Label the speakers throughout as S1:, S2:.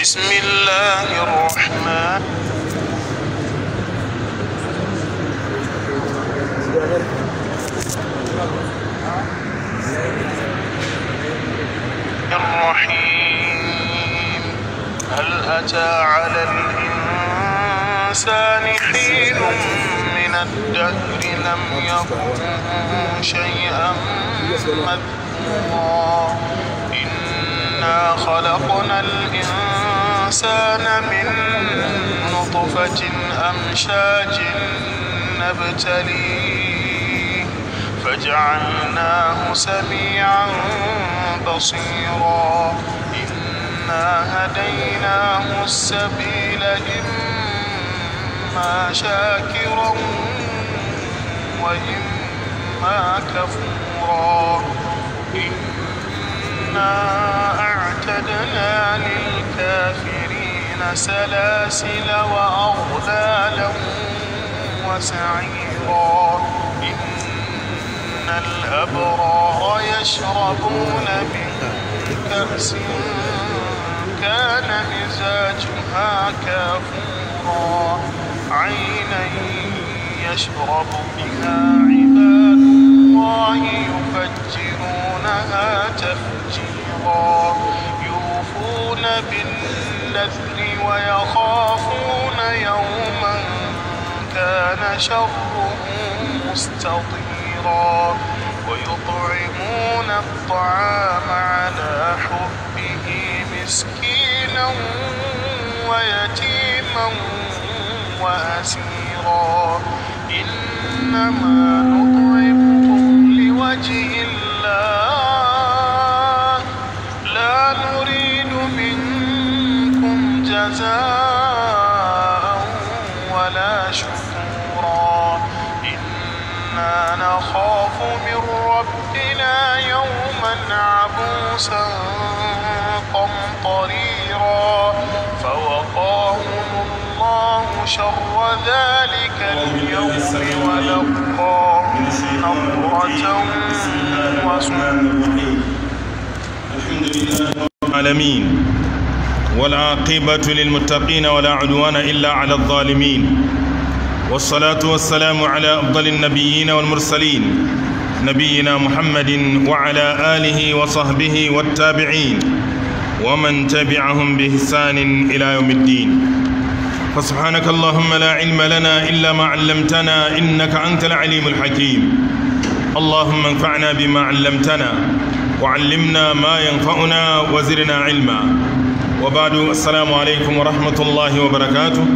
S1: بسم الله الرحمن الرحيم هل أتى على الإنسان حين من الدهر لم يكن شيئا مذكورا إنا خلقنا الإنسان الإنسان من نطفة أمشاج نبتليه فجعلناه سميعا بصيرا إنا هديناه السبيل إما شاكرا وإما كفورا إنا أعتدنا للكافرين سلاسل وأغلالا وسعيرا إن الأبرار يشربون من كأس كان مزاجها كافورا عينا يشرب بها عباد الله يفجرونها تفجيرا يوفون بالنذر ويخافون يوما كان شره مستطيرا ويطعمون الطعام على حبه مسكينا ويتيما وأسيرا إنما نطعمكم لوجه يوما عبوسا قمطريرا فوقاهم الله شر ذلك اليوم ولقاهم نظرة وسرورا
S2: الحمد لله رب العالمين والعاقبة للمتقين ولا عدوان إلا على الظالمين والصلاة والسلام على أفضل النبيين والمرسلين نبينا محمد وعلى آله وصحبه والتابعين ومن تبعهم بإحسان إلى يوم الدين فسبحانك اللهم لا علم لنا إلا ما علمتنا إنك أنت العليم الحكيم اللهم انفعنا بما علمتنا وعلمنا ما ينفعنا وزرنا علما وبعد السلام عليكم ورحمة الله وبركاته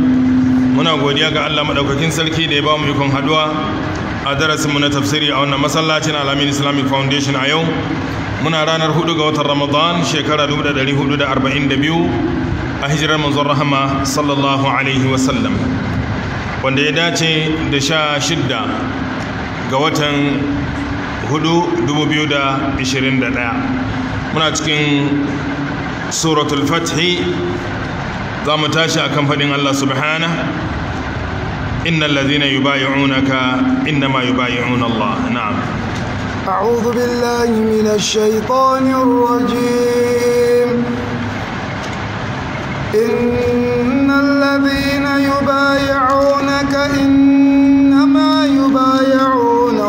S2: muna godiya ga Allah madaukakin sarki da ya ba mu ikon haduwa a darasinmu na tafsiri a wannan masallacin alamin islamic foundation a yau muna ranar 4 ga watan ramadan shekara 1442 a hijirar manzon rahama sallallahu alaihi wasallam wanda ya dace da sha shidda ga watan 4 2021 muna cikin suratul fathi za mu tashi a kamfanin allah subhanahu إن الذين يبايعونك إنما يبايعون الله نعم
S3: أعوذ بالله من الشيطان الرجيم إن الذين يبايعونك إنما يبايعون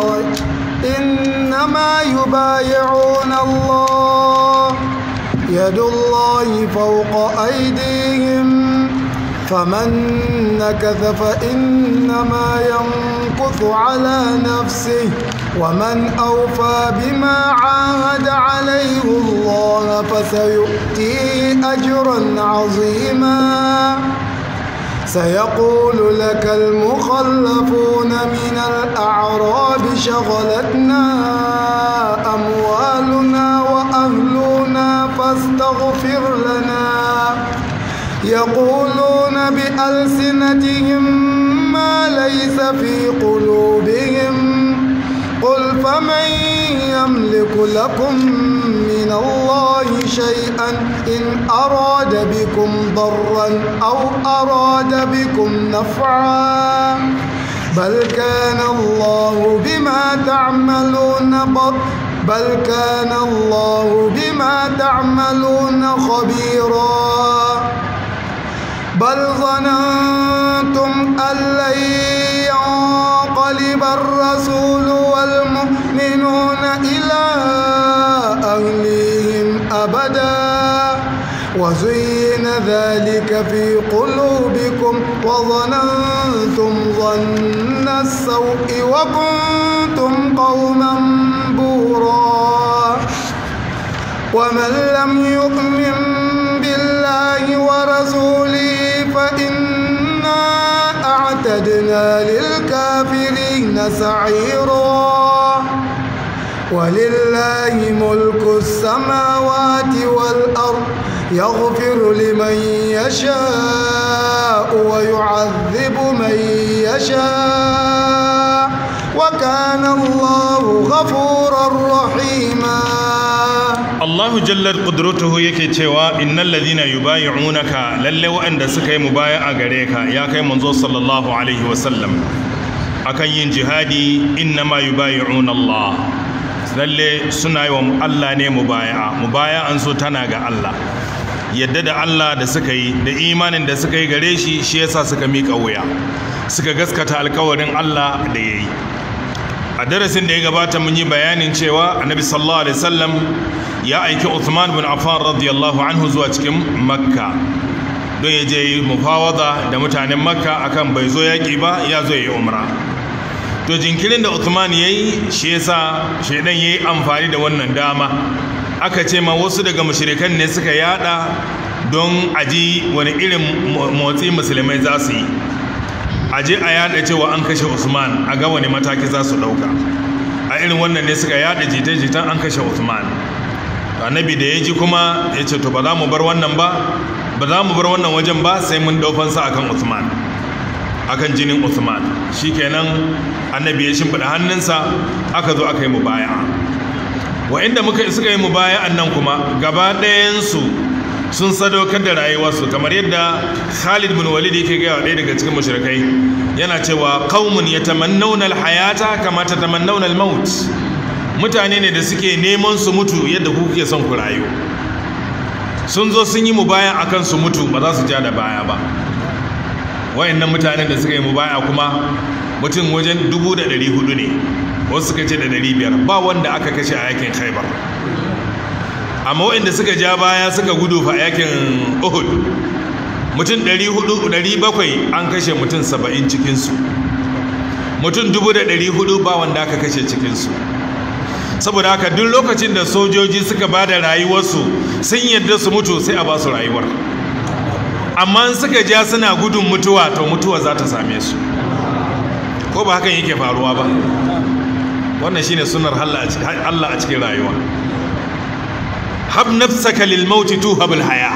S3: إنما يبايعون الله يد الله فوق أيديهم فمن نكث فإنما ينكث على نفسه ومن أوفى بما عاهد عليه الله فسيؤتيه أجرا عظيما سيقول لك المخلفون من الأعراب شغلتنا أموالنا وأهلنا فاستغفر لنا يقولون بألسنتهم ما ليس في قلوبهم قل فمن يملك لكم من الله شيئا إن أراد بكم ضرا أو أراد بكم نفعا بل كان الله بما تعملون بل كان الله بما تعملون خبيراً بل ظننتم أن لن ينقلب الرسول والمؤمنون إلى أهليهم أبدا وزين ذلك في قلوبكم وظننتم ظن السوء وكنتم قوما بورا ومن لم يؤمن بالله ورسوله إنا أعتدنا للكافرين سعيرا ولله ملك السماوات والأرض يغفر لمن يشاء ويعذب من يشاء وكان الله غفورا رحيما
S2: Allahu jallar qudratuhu yake cewa innal ladina unaka lalle waɗanda suka yi mu a gare ka ya kai manzo sallallahu alaihi wasallam akan yin jihadi ma innama bayi Allah lalle suna yi wa Allah ne mu mu baya an so tana ga Allah yadda da Allah da suka yi da imanin da suka yi gare shi shi yasa suka mika wuya suka gaskata alkawarin Allah da ya yi. a darasin da ya gabata mun yi bayanin cewa annabi sallallahu alaihi wasallam ya aiki Uthman bin Affan radiyallahu anhu zuwa cikin Makka don ya je yi mufawada da mutanen Makka akan bai zo yaki ba ya zo yi umra to jinkirin da Uthman yayi shi yasa shedan yayi amfani da wannan dama aka ce ma wasu daga mushrikan ne suka yada don aji wani irin motsi musulmai za su yi a je a yada cewa an kashe usman a ga wani mataki za su dauka a irin wannan ne suka yada jita-jitan an kashe usman annabi da ya ji kuma ya ce to ba za mu bar wannan ba ba za mu bar wannan wajen ba sai mun daufansa akan usman akan jinin usman shikenan annabi ya shimfiɗa hannunsa aka zo aka yi Wa inda muka suka yi mu baya nan kuma gaba ɗayansu sun sadaukar da rayuwarsu kamar yadda Khalid bin Walid yake gaya ɗaya daga cikin mushrikai yana cewa qaumun yatamannawna alhayata kama tatamannawna almaut mutane ne da suke neman su mutu yadda ku kuke son ku rayu sun zo sun yi mubaya akan su mutu ba za su ja da baya ba wayannan mutanen da suka yi mubaya kuma mutum wajen 1,400 ne wasu suka ce da 500 ba wanda aka kashe a yakin khaibar amma waɗanda suka ja baya suka gudu fa yakin uhud mutum 400-700 an kashe mutum 70 cikinsu mutum 400 ba wanda aka kashe cikinsu saboda haka duk lokacin da sojoji suka ba da rayuwarsu sun yadda su mutu sai a ba su rayuwar amma suka ja suna gudun mutuwa to mutuwa za ta same su ko ba hakan yake faruwa ba wannan shine sunar Allah a cikin rayuwa hab nafsaka lil mauti tu haya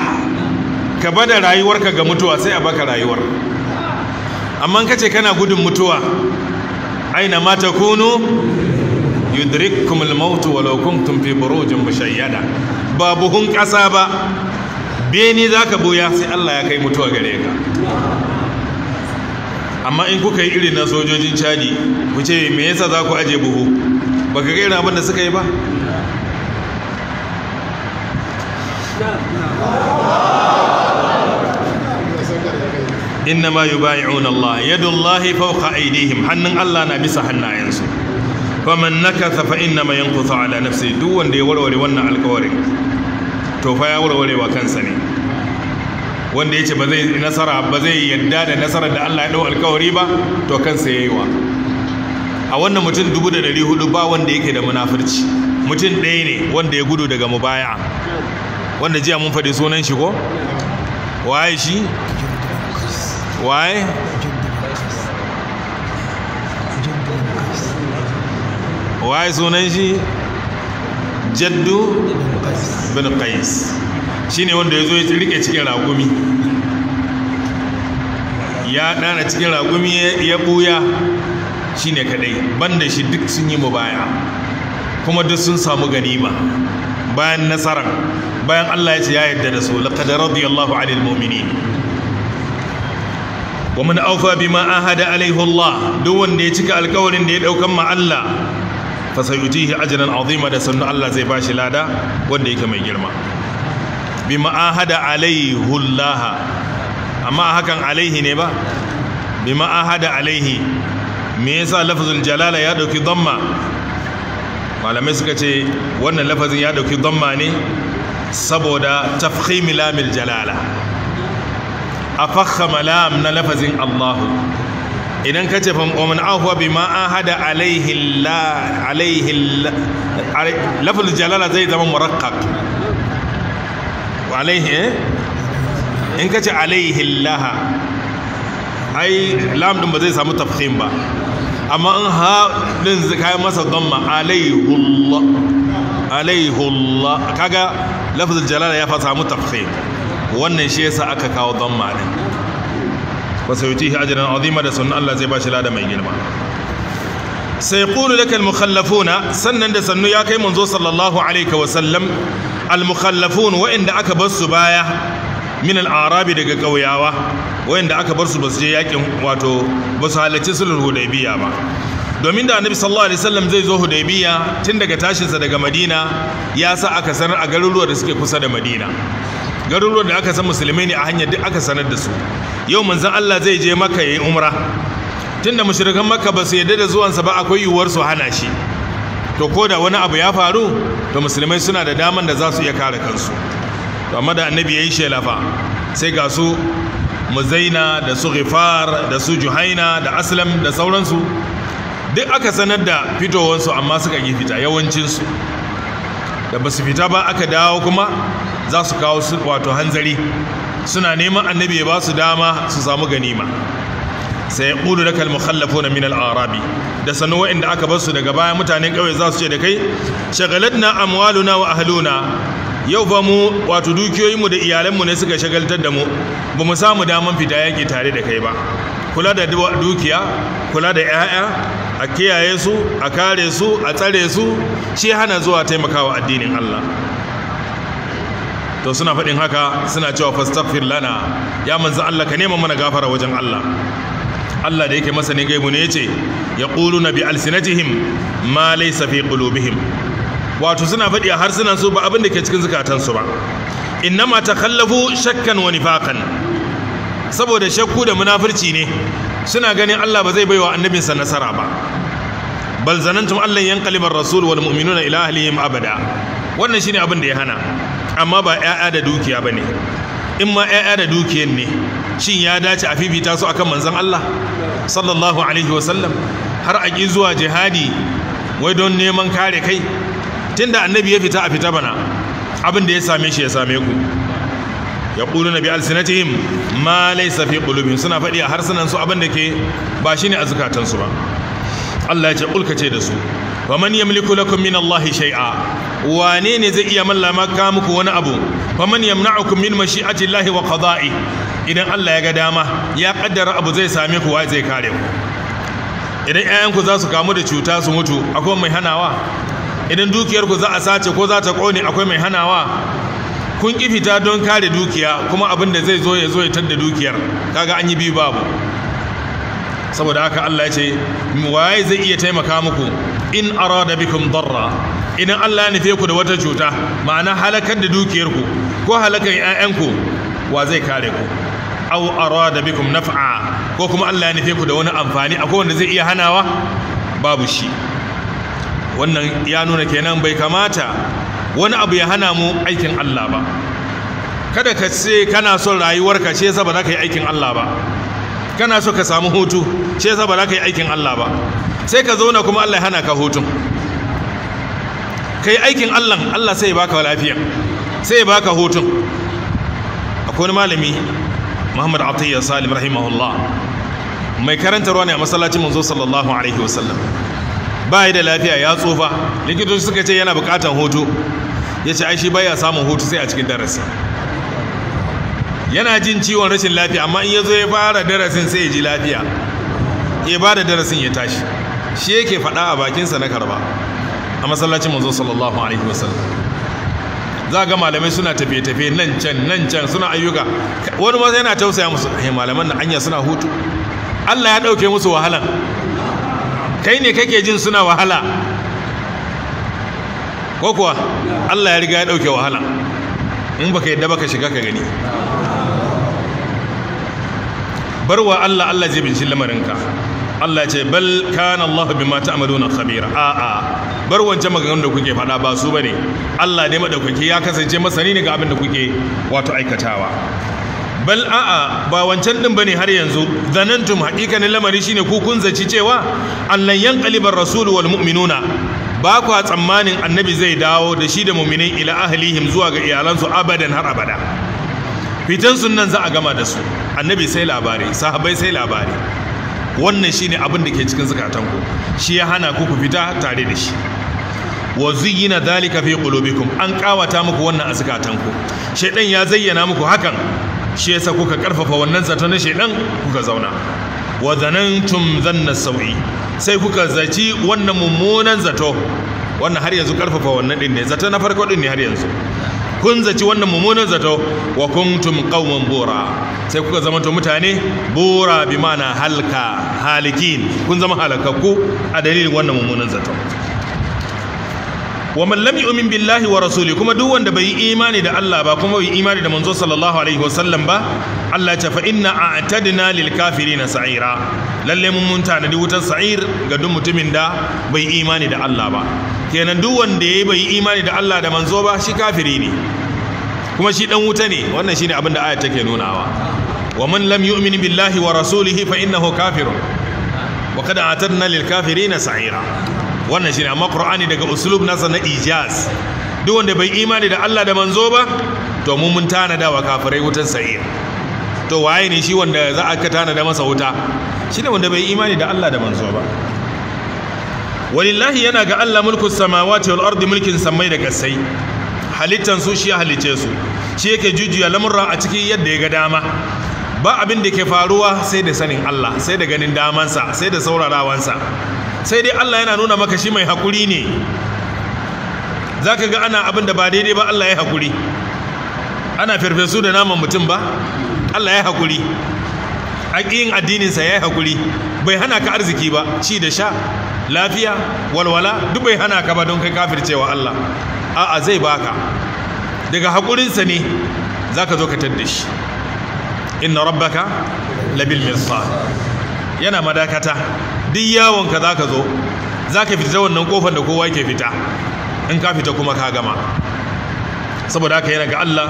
S2: ka bada rayuwarka ga mutuwa sai a baka rayuwar amma kace kana gudun mutuwa aina mata takunu yudrikkum al maut walau kuntum fi burujin mushayyada ba buhun kasa ba beni zaka boya sai Allah ya kai mutuwa gare ka amma in kuka yi irin na sojojin cadi ku ce me yasa za ku aje buhu baka ga irin abin da suka yi ba innama yubayi'una Allah yadullahi fawqa aydihim hannun Allah na bisa hannayensu faman nakatha fa innama yanquthu ala nafsi duk wanda ya warware wannan alƙawarin to fa ya warware wa kansa ne wanda yace ba zai nasara ba zai yadda da nasarar da Allah ya dau alƙawari ba to kansa ya yi wa a wannan mutum dubu da dari 1400 ba wanda yake da munafurci mutum ɗaya ne wanda ya gudu daga mubaya'a wanda jiya mun faɗi sunan shi ko waye shi waye waye sunan shi jaddu bin qais shine wanda ya zo ya rike cikin ragumi ya ɗana cikin ragumi ya buya shine kadai banda shi duk sun yi mu baya kuma duk sun samu ganima bayan nasarar bayan Allah ya ce ya yadda da su laqad radiyallahu 'anil mu'minin wa man awfa bima ahada alayhi Allah duk wanda ya cika alƙawarin da ya daukan ma Allah fa sayutihi ajran azima da sunna Allah zai bashi lada wanda yake mai girma bima ahada alayhi Allah amma hakan alayhi ne ba bima ahada alayhi? me yasa lafzul jalala ya dauki damma malamai suka ce wannan lafazin ya dauki damma ne saboda tafkhimi lamil jalala a fakhama lam na lafazin Allahu idan ka ce famin ahuwa bi ma an hada alaihin lafil jalala zai zama murakkak alaihi eh? in ka ce alaihin laha ai lam din ba zai samu tafkhim ba amma in ha din zai kai masa dhamma alaihullah alaihullah kaga lafazin jalala ya fa samu tafsir wannan shi yasa aka kawo dhamma din wasayutihi ajran azima da sunan Allah zai bashi lada mai girma sai qulu lakal mukhallafuna sannan da sannu ya kai manzo sallallahu alaihi wa sallam al mukhallafun wa inda aka bar su baya min al arabi daga kauyawa wa inda aka bar su basu je yakin wato basu halarci sulhul hudaybiya ba domin da annabi sallallahu alaihi wasallam zai zo hudaybiya tun daga tashinsa daga madina ya sa aka sanar a garuruwa da suke kusa da madina garuruwan da aka san musulmai ne a hanyar duk aka sanar da su yau manzon Allah zai je maka yayin umra tunda mushrikan makka ba su yarda da sa ba akwai yiwuwar su hana shi to ko da wani abu ya faru to musulmai suna da daman da za su iya kare kansu to amma da annabi yayi shelafa sai ga su muzaina da su ghifar da su juhaina da aslam da sauransu duk aka sanar da fitowansu amma suka yi fita yawancinsu da ba su fita ba aka dawo kuma za su kawo su wato hanzari suna neman annabi ya ba su dama su samu ganima sai ƙudu da kalmukhallafu na minal arabi da sanu wa'inda aka basu daga baya mutanen kawai za su ce da kai shagalatna amwaluna wa ahluna yau ba mu wato dukiyoyinmu da iyalanmu ne suka shagaltar da mu ba mu samu daman fita yaƙi tare da kai ba kula da dukiya kula da 'ya'ya a kiyaye su a kare su a tsare su shi hana zuwa taimakawa addinin Allah to suna faɗin haka suna cewa fastaghfir lana ya manzo Allah ka nema mana gafara wajen Allah Allah da yake masani gaibu ne yace yaquluna bi alsinatihim ma laysa fi qulubihim wato suna faɗi a harsunan su ba abin da ke cikin su ba innama takhallafu shakkan wa nifaqan saboda shakku da munafirci ne suna ganin Allah ba zai baiwa annabinsa nasara ba bal zanantum Allah yanqalibar rasul wal mu'minuna ila ahlihim abada wannan shine abin da ya hana amma ba ƴaƴa da dukiya bane in ma ƴaƴa da dukiyar ne shin ya dace a fifita su akan manzon Allah sallallahu alaihi wasallam har a zuwa jihadi wai don neman kare kai tunda annabi ya fita a fita bana abin da ya same shi ya same ku na bi alsinatihim ma laysa fi qulubihim suna faɗi a harsunan su abin da ke ba ne a zukatansu ba Allah ya ce ulka ce da su wa man yamliku lakum min Allah shay'a wane ne zai iya mallaka muku wani abu wa man yamna'ukum min mashi'ati Allah wa qada'i idan Allah ya ga dama ya kaddara abu zai same ku wai zai kare ku idan 'ya'yanku za su kamu da cuta su mutu akwai mai hanawa idan dukiyarku za a sace ko za ta kone akwai mai hanawa kun ƙi fita don kare dukiya kuma abin da zai zo ya zo ya tadda dukiyar kaga an yi biyu babu saboda haka Allah ya ce waye zai iya taimaka muku in arada bikum darra idan Allah ya nufe ku da wata cuta ma'ana halakar da dukiyar ku ko halakar ƴaƴan ku wa zai kare ku aw arada bikum naf'a ko kuma Allah ya nufe ku da wani amfani akwai wanda zai iya hanawa babu shi wannan ya nuna kenan bai kamata wani abu ya hana mu aikin Allah ba kada ka ce kana son rayuwarka ce yasa ba za ka yi aikin Allah ba kana so ka samu hutu ce yasa ba za ka yi aikin Allah ba sai ka zauna kuma Allah ya hana ka hutun ka yi aikin Allah Allah sai ya baka lafiya sai ya baka hutun akwai malami Muhammad Atiyya Salim rahimahullah mai karantarwa ne a masallacin manzo sallallahu alaihi wasallam ba da lafiya ya tsufa likitoci suka ce yana bukatan hutu ya ce aishi shi baya samun hutu sai a cikin darasi yana jin ciwon rashin lafiya amma in ya zo ya fara darasin sai ya ji lafiya ya ba da darasin ya tashi shi yake faɗa a bakinsa na karba a masallacin manzo sallallahu alaihi wasallam za ga malamai suna tafiye-tafiye nan can nan can suna ayyuka wani ma yana tausaya musu eh malaman na anya suna hutu Allah ya ɗauke musu wahalan kai ne kake jin suna wahala ko kuwa Allah ya riga ya dauke wahala in baka yadda baka shiga ka gani barwa Allah Allah zai binci lamarinka Allah ce bal kana Allah bima ta'maluna khabira a a bar wancan maganganun da kuke faɗa ba su bane Allah ne madaukaki ya kasance masani ne ga abin da kuke wato aikatawa bal a'a ba wancan din bane har yanzu zanantum haqiqanin lamari shine ku kun zaci cewa allan yanqalibar rasul wal mu'minuna ba kwa tsammanin annabi zai dawo da shi da muminai ila ahlihim zuwa ga iyalansu abadan har abada fitan sunan za a gama da su annabi sai labari sahabbai sai labari wannan ne abin da ke cikin zukatanku shi ya hana ku ku fita tare da shi wa zuyyina dalika fi qulubikum an kawata muku wannan a zukatanku shedan ya zayyana muku hakan shi yasa kuka karfafa wannan zaton na shedan kuka zauna wa zanantum zanna sau'i sai kuka zaci wannan mummunan zato wannan har yanzu karfafa wannan din ne zato na farko din ne har yanzu kun zaci wannan mummunan zato wa kuntum qauman bura sai kuka zama to mutane bura bi mana halka halikin kun zama halakakku a dalilin wannan mummunan zato wa man lam yu'min billahi wa rasuli kuma duk wanda bai yi imani da Allah ba kuma bai imani da manzo sallallahu alaihi wasallam ba Allah ya fa inna a'tadna lil kafirina sa'ira lalle mun mun tanadi wutar sa'ir ga duk mutumin da bai imani da Allah ba kenan duk wanda yayi bai da Allah da manzo ba shi kafiri ne kuma shi dan wuta ne wannan shine abin da ayat take nunawa wa man lam yu'min billahi wa rasulihi fa innahu kafirun wa qad sa'ira wannan ne amma qur'ani daga uslub nasa na ijaz duk wanda bai imani da Allah da manzo ba to mun tanada wa kafirai wutan sa'ir to waye ne shi wanda za a ka tanada masa wuta shi ne wanda bai imani da Allah da manzo ba walillahi yana ga Allah mulkin samawati wal ardi mulkin samai da kasai halittan su shi halice su shi yake jujuya lamurra a cikin yadda ya ga dama ba abin da ke faruwa sai da sanin Allah sai da ganin damansa sai da saurarawansa sai dai Allah yana nuna maka shi mai hakuri ne Za ka ga ana abin da ba daidai ba Allah ya hakuri ana farfesu da naman mutum ba Allah ya hakuri aƙin addininsa ya yi hakuri bai hana ka arziki ba ci da sha lafiya walwala duk bai hana ka ba don kai kafircewa Allah a'a zai baka daga haƙurinsa ne za ka zo ka tadda shi inna rabbaka labil mirsa yana madakata duk yawon ka zaka zo ka fita wannan kofar da kowa yake fita in ka fita kuma ka gama saboda haka yana ga Allah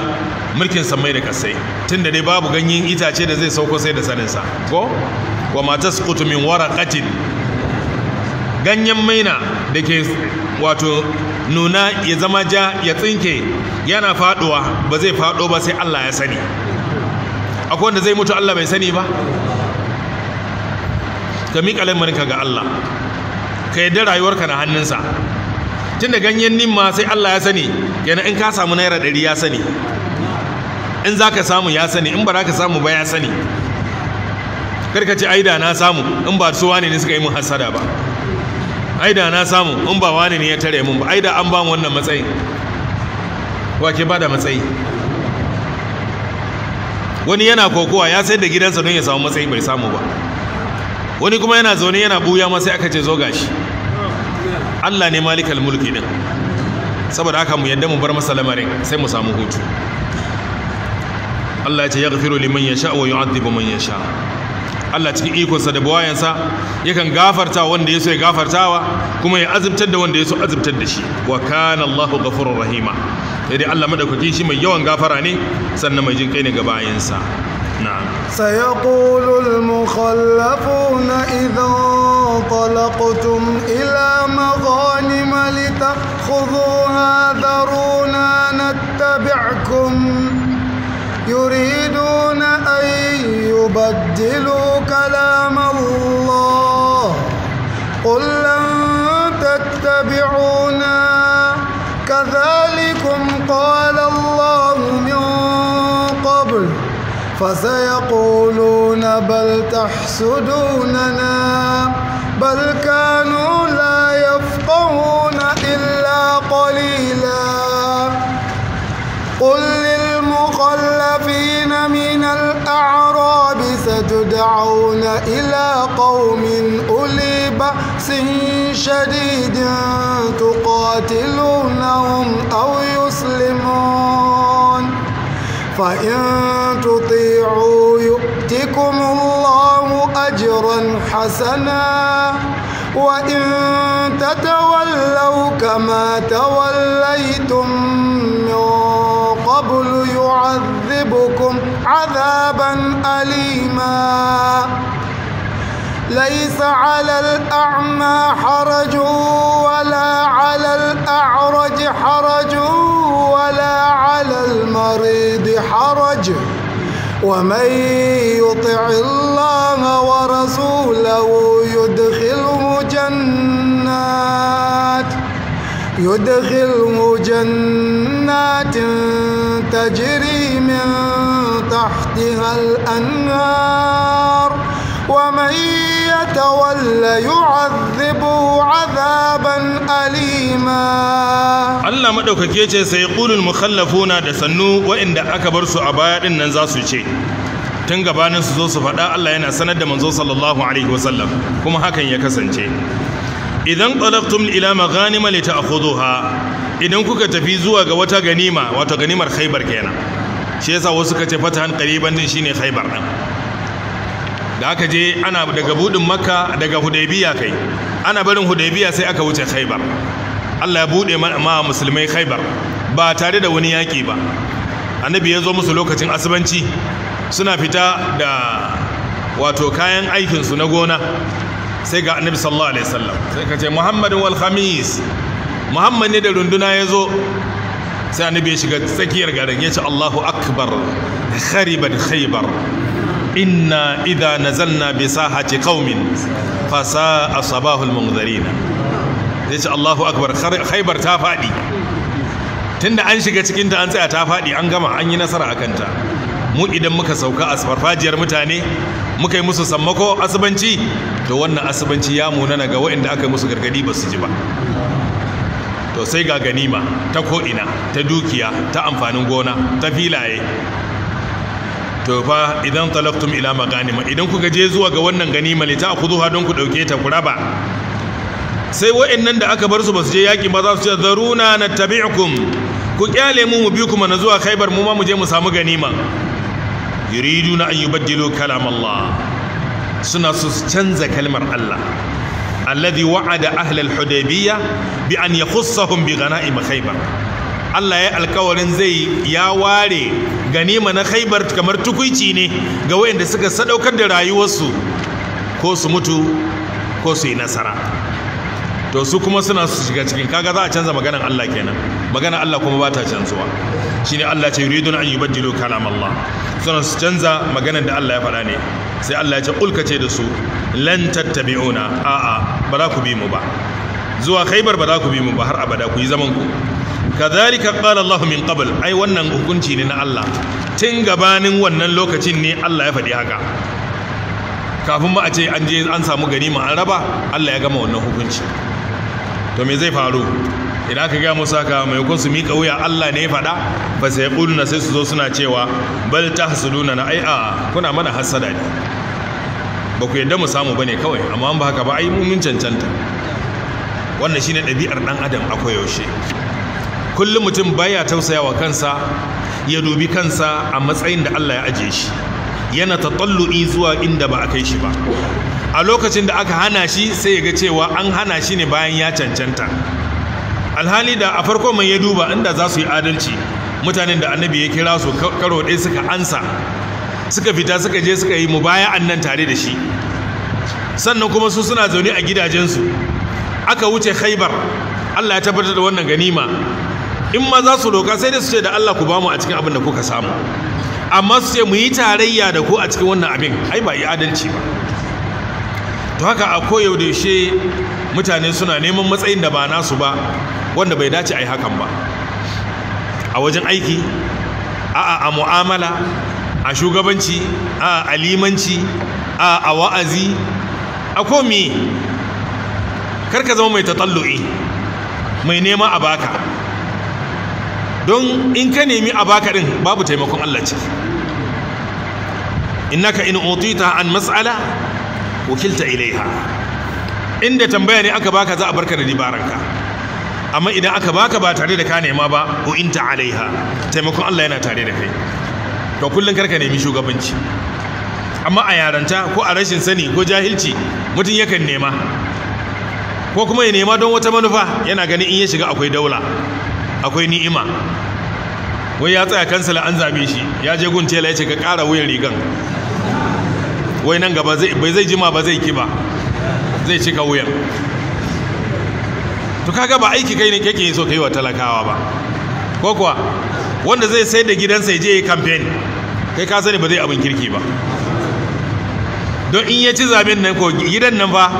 S2: mulkin samai da kasai tunda dai babu ganyen itace da zai sauko sai da saninsa ko wa ma tasqutu min waraqatin ganyen maina da ke wato nuna ya zama ja ya tsinke yana faduwa ba zai fado ba sai Allah ya sani akwai wanda zai mutu Allah bai sani ba ka miƙa lamarinka ga Allah ka yadda rayuwarka na hannunsa tun da ganyen nimma sai Allah ya sani yana in ka samu naira ɗari ya sani in za ka samu ya sani in ba za ka samu ba ya sani karka ce aida na samu in ba su wane ne suka yi mun hasada ba aida na samu in ba wane ne ya tare mun ba aida an ba mu wannan matsayin wake ba da matsayi wani yana kokowa ya sayar da gidansa don ya samu matsayi bai samu ba wani kuma yana zaune yana buya ma sai aka ce zo gashi Allah ne malikal mulki din saboda aka mu yadda mu bar masa lamarin sai mu samu hutu Allah ya ce yaghfiru liman yasha wa yu'adhibu man yasha Allah cikin ikonsa da buwayensa yakan gafarta wanda ya so ya gafartawa kuma ya azubtar da wanda ya so azubtar da shi wa kana Allahu ghafurur rahima sai dai Allah madaukaki shi mai yawan gafara ne sannan mai jin kai ne ga bayansa na'am
S3: سيقول المخلفون إذا انطلقتم إلى مغانم لتأخذوها ذرونا نتبعكم يريدون أن يبدلوا كلام الله قل لن تتبعونا كذلكم قال فسيقولون بل تحسدوننا بل كانوا لا يفقهون إلا قليلا قل للمخلفين من الأعراب ستدعون إلى قوم أولي بأس شديد تقاتلونهم أو يسلمون فإن تدعوا يؤتكم الله أجرا حسنا وإن تتولوا كما توليتم من قبل يعذبكم عذابا أليما ليس على الأعمى حرج ولا على الأعرج حرج ولا على المريض حرج ومن يطع الله ورسوله يدخله جنات يدخله جنات تجري من تحتها الأنهار ومن يتول يعذبه عذابا أليما
S2: الله مدوك كيتي سيقول المخلفون دسنو وإن دعك برسو أبايا إن ننزاسو شيء tun gabanin su zo su faɗa Allah yana sanar da manzo sallallahu alaihi wasallam kuma hakan ya kasance idan qalaqtum ila maghanima lita'khudhuha idan kuka tafi zuwa ga wata ganima wato ganimar Khaibar kenan shi yasa wasu kace fatahan qariban din shine Khaibar din da aka je ana daga budin makka daga hudaybiya kai ana barin hudaybiya sai aka wuce khaybar Allah ya bude ma musulmai khaybar ba tare da wani yaki ba annabi ya zo musu lokacin asubanci suna fita da wato kayan aikin su na gona sai ga annabi sallallahu alaihi wasallam sai ka ce muhammadin wal khamis muhammad ne da runduna ya zo sai annabi ya shiga tsakiyar garin ya ce allahu akbar kharibat Khaibar. inna idha nazalna bi sahati qaumin fa sa'a sabahul munzirin yace Allahu akbar khaybar ta fadi tunda an shiga cikin ta an tsaya ta fadi an gama an yi nasara akan ta mu idan muka sauka a farfajiyar mutane muka yi musu sammako asubanci to wannan asubanci ya munana ga waɗanda aka yi musu gargadi ba su ji ba to sai ga ganima ta ko'ina ta dukiya ta amfanin gona ta filaye Tofa idan talaftum ila maganima idan kuka je zuwa ga wannan ganima li ta'khudhuha don ku dauke ta ku raba sai wa'annan da aka bar su basu je yaki ba za su ce zaruna nattabi'ukum ku kyale mu mu bi kuma na zuwa khaibar mu ma mu je mu samu ganima yuriduna an yubaddilu kalam Allah suna su canza kalmar Allah alladhi wa'ada ahlal al-hudaybiyya bi an yakhussahum bi ghanaim khaybar Allah ya alkawarin zai ya ware ganima na khaibar kamar tukuici ne ga wayanda suka sadaukar da rayuwarsu ko su mutu ko su yi nasara to su kuma suna su shiga cikin kaga za a canza maganar Allah kenan maganar Allah kuma ba ta canzuwa shine Allah ce yuridun an yubaddilu kalam Allah suna su canza maganar da Allah ya faɗa ne sai Allah ya ce ulka ce da su lan tattabi'una a'a ba za ku bi mu ba zuwa khaibar ba za ku bi mu ba har abada ku yi zaman ku kadhalika qala Allah min qabl ai wannan hukunci ne na Allah tun gabanin wannan lokacin ne Allah ya faɗi haka kafin ma a ce an je an samu ganima an raba Allah ya gama wannan hukunci to me zai faru Ina ka gaya ka haka maimakon su miƙa wuya Allah ne ya faɗa ba sai sai su zo suna cewa bal ta na ai a kuna mana hasada ne ba ku yadda mu samu bane kawai amma ba haka ba ai mun cancanta wannan shine ɗabi'ar ɗan adam a koyaushe kullum mutum baya tausayawa kansa ya dubi kansa a matsayin da Allah ya aje shi yana tatallu'i zuwa inda ba a kai shi ba a lokacin da aka hana shi sai ya ga cewa an hana shi ne bayan ya cancanta alhali da a farko mai ya duba inda za su yi adalci mutanen da annabi ya kira su karo ɗaya suka ansa suka fita suka je suka yi mu mubaya'an nan tare da shi sannan kuma su suna zaune a gidajensu aka wuce khaibar Allah ya tabbatar da wannan ganima in ma za su roka sai da su ce da Allah ku bamu a cikin abin da kuka samu amma su ce mu yi tarayya da ku a cikin wannan abin ai ba yi adalci ba to haka a koyaushe mutane suna neman matsayin da ba nasu ba wanda bai dace a yi hakan ba a wajen aiki a a mu'amala a shugabanci a alimanci a a wa'azi a komi karka zama mai tattallo'i mai nema a baka don in ka nemi a baka din babu taimakon Allah ciki innaka in utita an mas'ala wakilta ilaiha inda tambaya ne aka baka za a barka da dibaranka amma idan aka baka ba tare da ka nema ba ko inta alaiha taimakon Allah yana tare da kai to kullun karka nemi shugabanci amma a yaranta ko a rashin sani ko jahilci mutum yakan nema ko kuma ya nema don wata manufa yana ganin in ya shiga akwai daula akwai ni'ima wai ya tsaya kansila an zabe shi ya je gun tela ya ce ka kara wuyan rigan wai nan gaba bai zai jima ba zai kiba zai cika wuyan to kaga ba aiki kai ne kake so kai wa talakawa ba ko kuwa wanda zai sai da gidansa ya je ya campaign kai ka sani ba zai abin kirki ba don in ya ci zaben nan ko gidan nan fa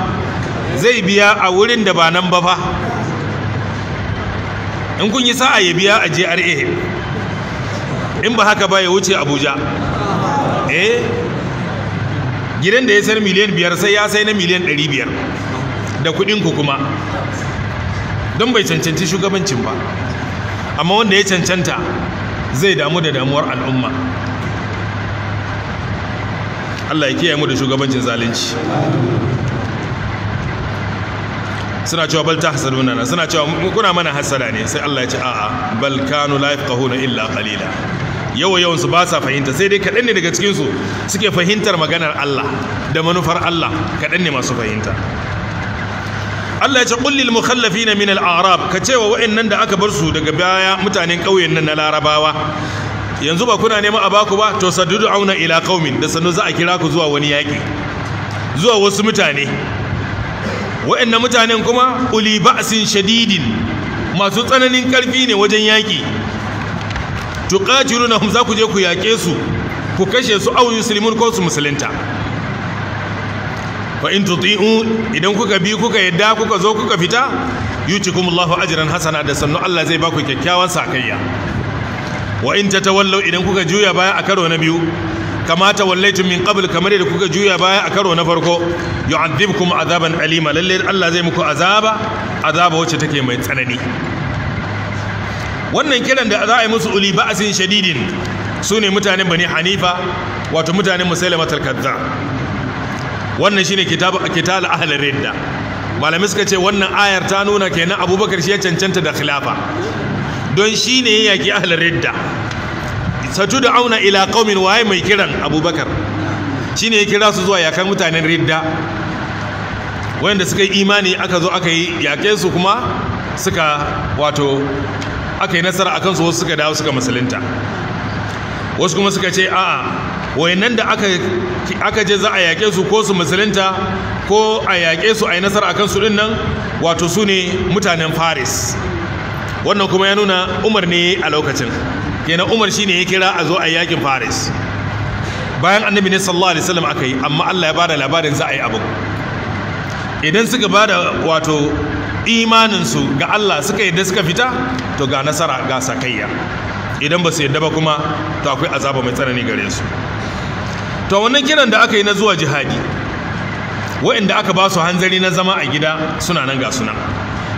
S2: zai biya a wurin da ba nan ba fa in kun yi sa'a ya biya a JRA in ba haka ba ya wuce Abuja eh gidan da ya sayar miliyan biyar sai ya sai na miliyan ɗari biyar da kuɗin ku kuma don bai cancanci shugabancin ba amma wanda ya cancanta zai damu da damuwar al'umma Allah ya kiyaye mu da shugabancin zalunci suna cewa bal ta nana suna cewa kuna mana hasada ne sai Allah ya ce a'a bal kanu la yafqahuna illa qalila yawa yawan su ba sa fahimta sai dai kaɗan ne daga cikin su suke fahimtar maganar Allah da manufar Allah kaɗan ne masu fahimta Allah ya ce lil mukhallafina min al-a'rab ka wa wa'annan da aka bar su daga baya mutanen kauyen nan na Larabawa yanzu ba kuna neman a baku ba to sadudu auna ila qaumin da sanu za a kira ku zuwa wani yaki zuwa wasu mutane wa'annan mutanen kuma uli ba'sin shadidin masu tsananin karfi ne wajen yaƙi tuqatilunahum za ku je ku yaƙe su ku kashe su aw yuslimun ko su musulunta fa in tuti'u idan kuka bi kuka yadda kuka zo kuka fita yucikumullahu ajran hasana da sannu Allah zai ba ku kyakkyawan sakayya wa in tatawallaw idan kuka juya baya a karo na biyu kamata wallaitu min qabl kamar da kuka juya baya a karo na farko yu'adhibkum azaban alima lalle Allah zai muku azaba azaba wacce take mai tsanani wannan kiran da za a yi musu uli ba'sin shadidin su ne mutanen bani hanifa wato mutanen musailama talkadda wannan shine kitabu kital ahlul ridda malamai suka ce wannan ayar ta nuna kenan abubakar shi ya cancanta da khilafa don shine yaki ya ridda da auna ila kaumin waye mai kiran abubakar shine ya kira su zuwa yakan mutanen ridda wanda suka yi imani aka zo aka yi yake su kuma suka wato aka yi nasara akan su wasu suka dawo suka musulunta wasu kuma suka ce a'a wayannan da aka aka je za a yake su ko su musulunta ko a yake su a yi nasara akan su dinnan wato su ne mutanen Faris wannan kuma ya nuna Umar ne a lokacin kenan umar shine ya kira a zo a yakin faris bayan annabi ne sallallahu alaihi wasallam aka yi amma Allah ya bada labarin za a yi abu idan suka bada wato imaninsu ga Allah suka yadda suka fita to ga nasara ga sakayya idan ba su yadda ba kuma to akwai azaba mai tsanani gare su to wannan kiran da aka yi na zuwa jihadi wa'inda aka ba su hanzari na zama a gida suna nan ga suna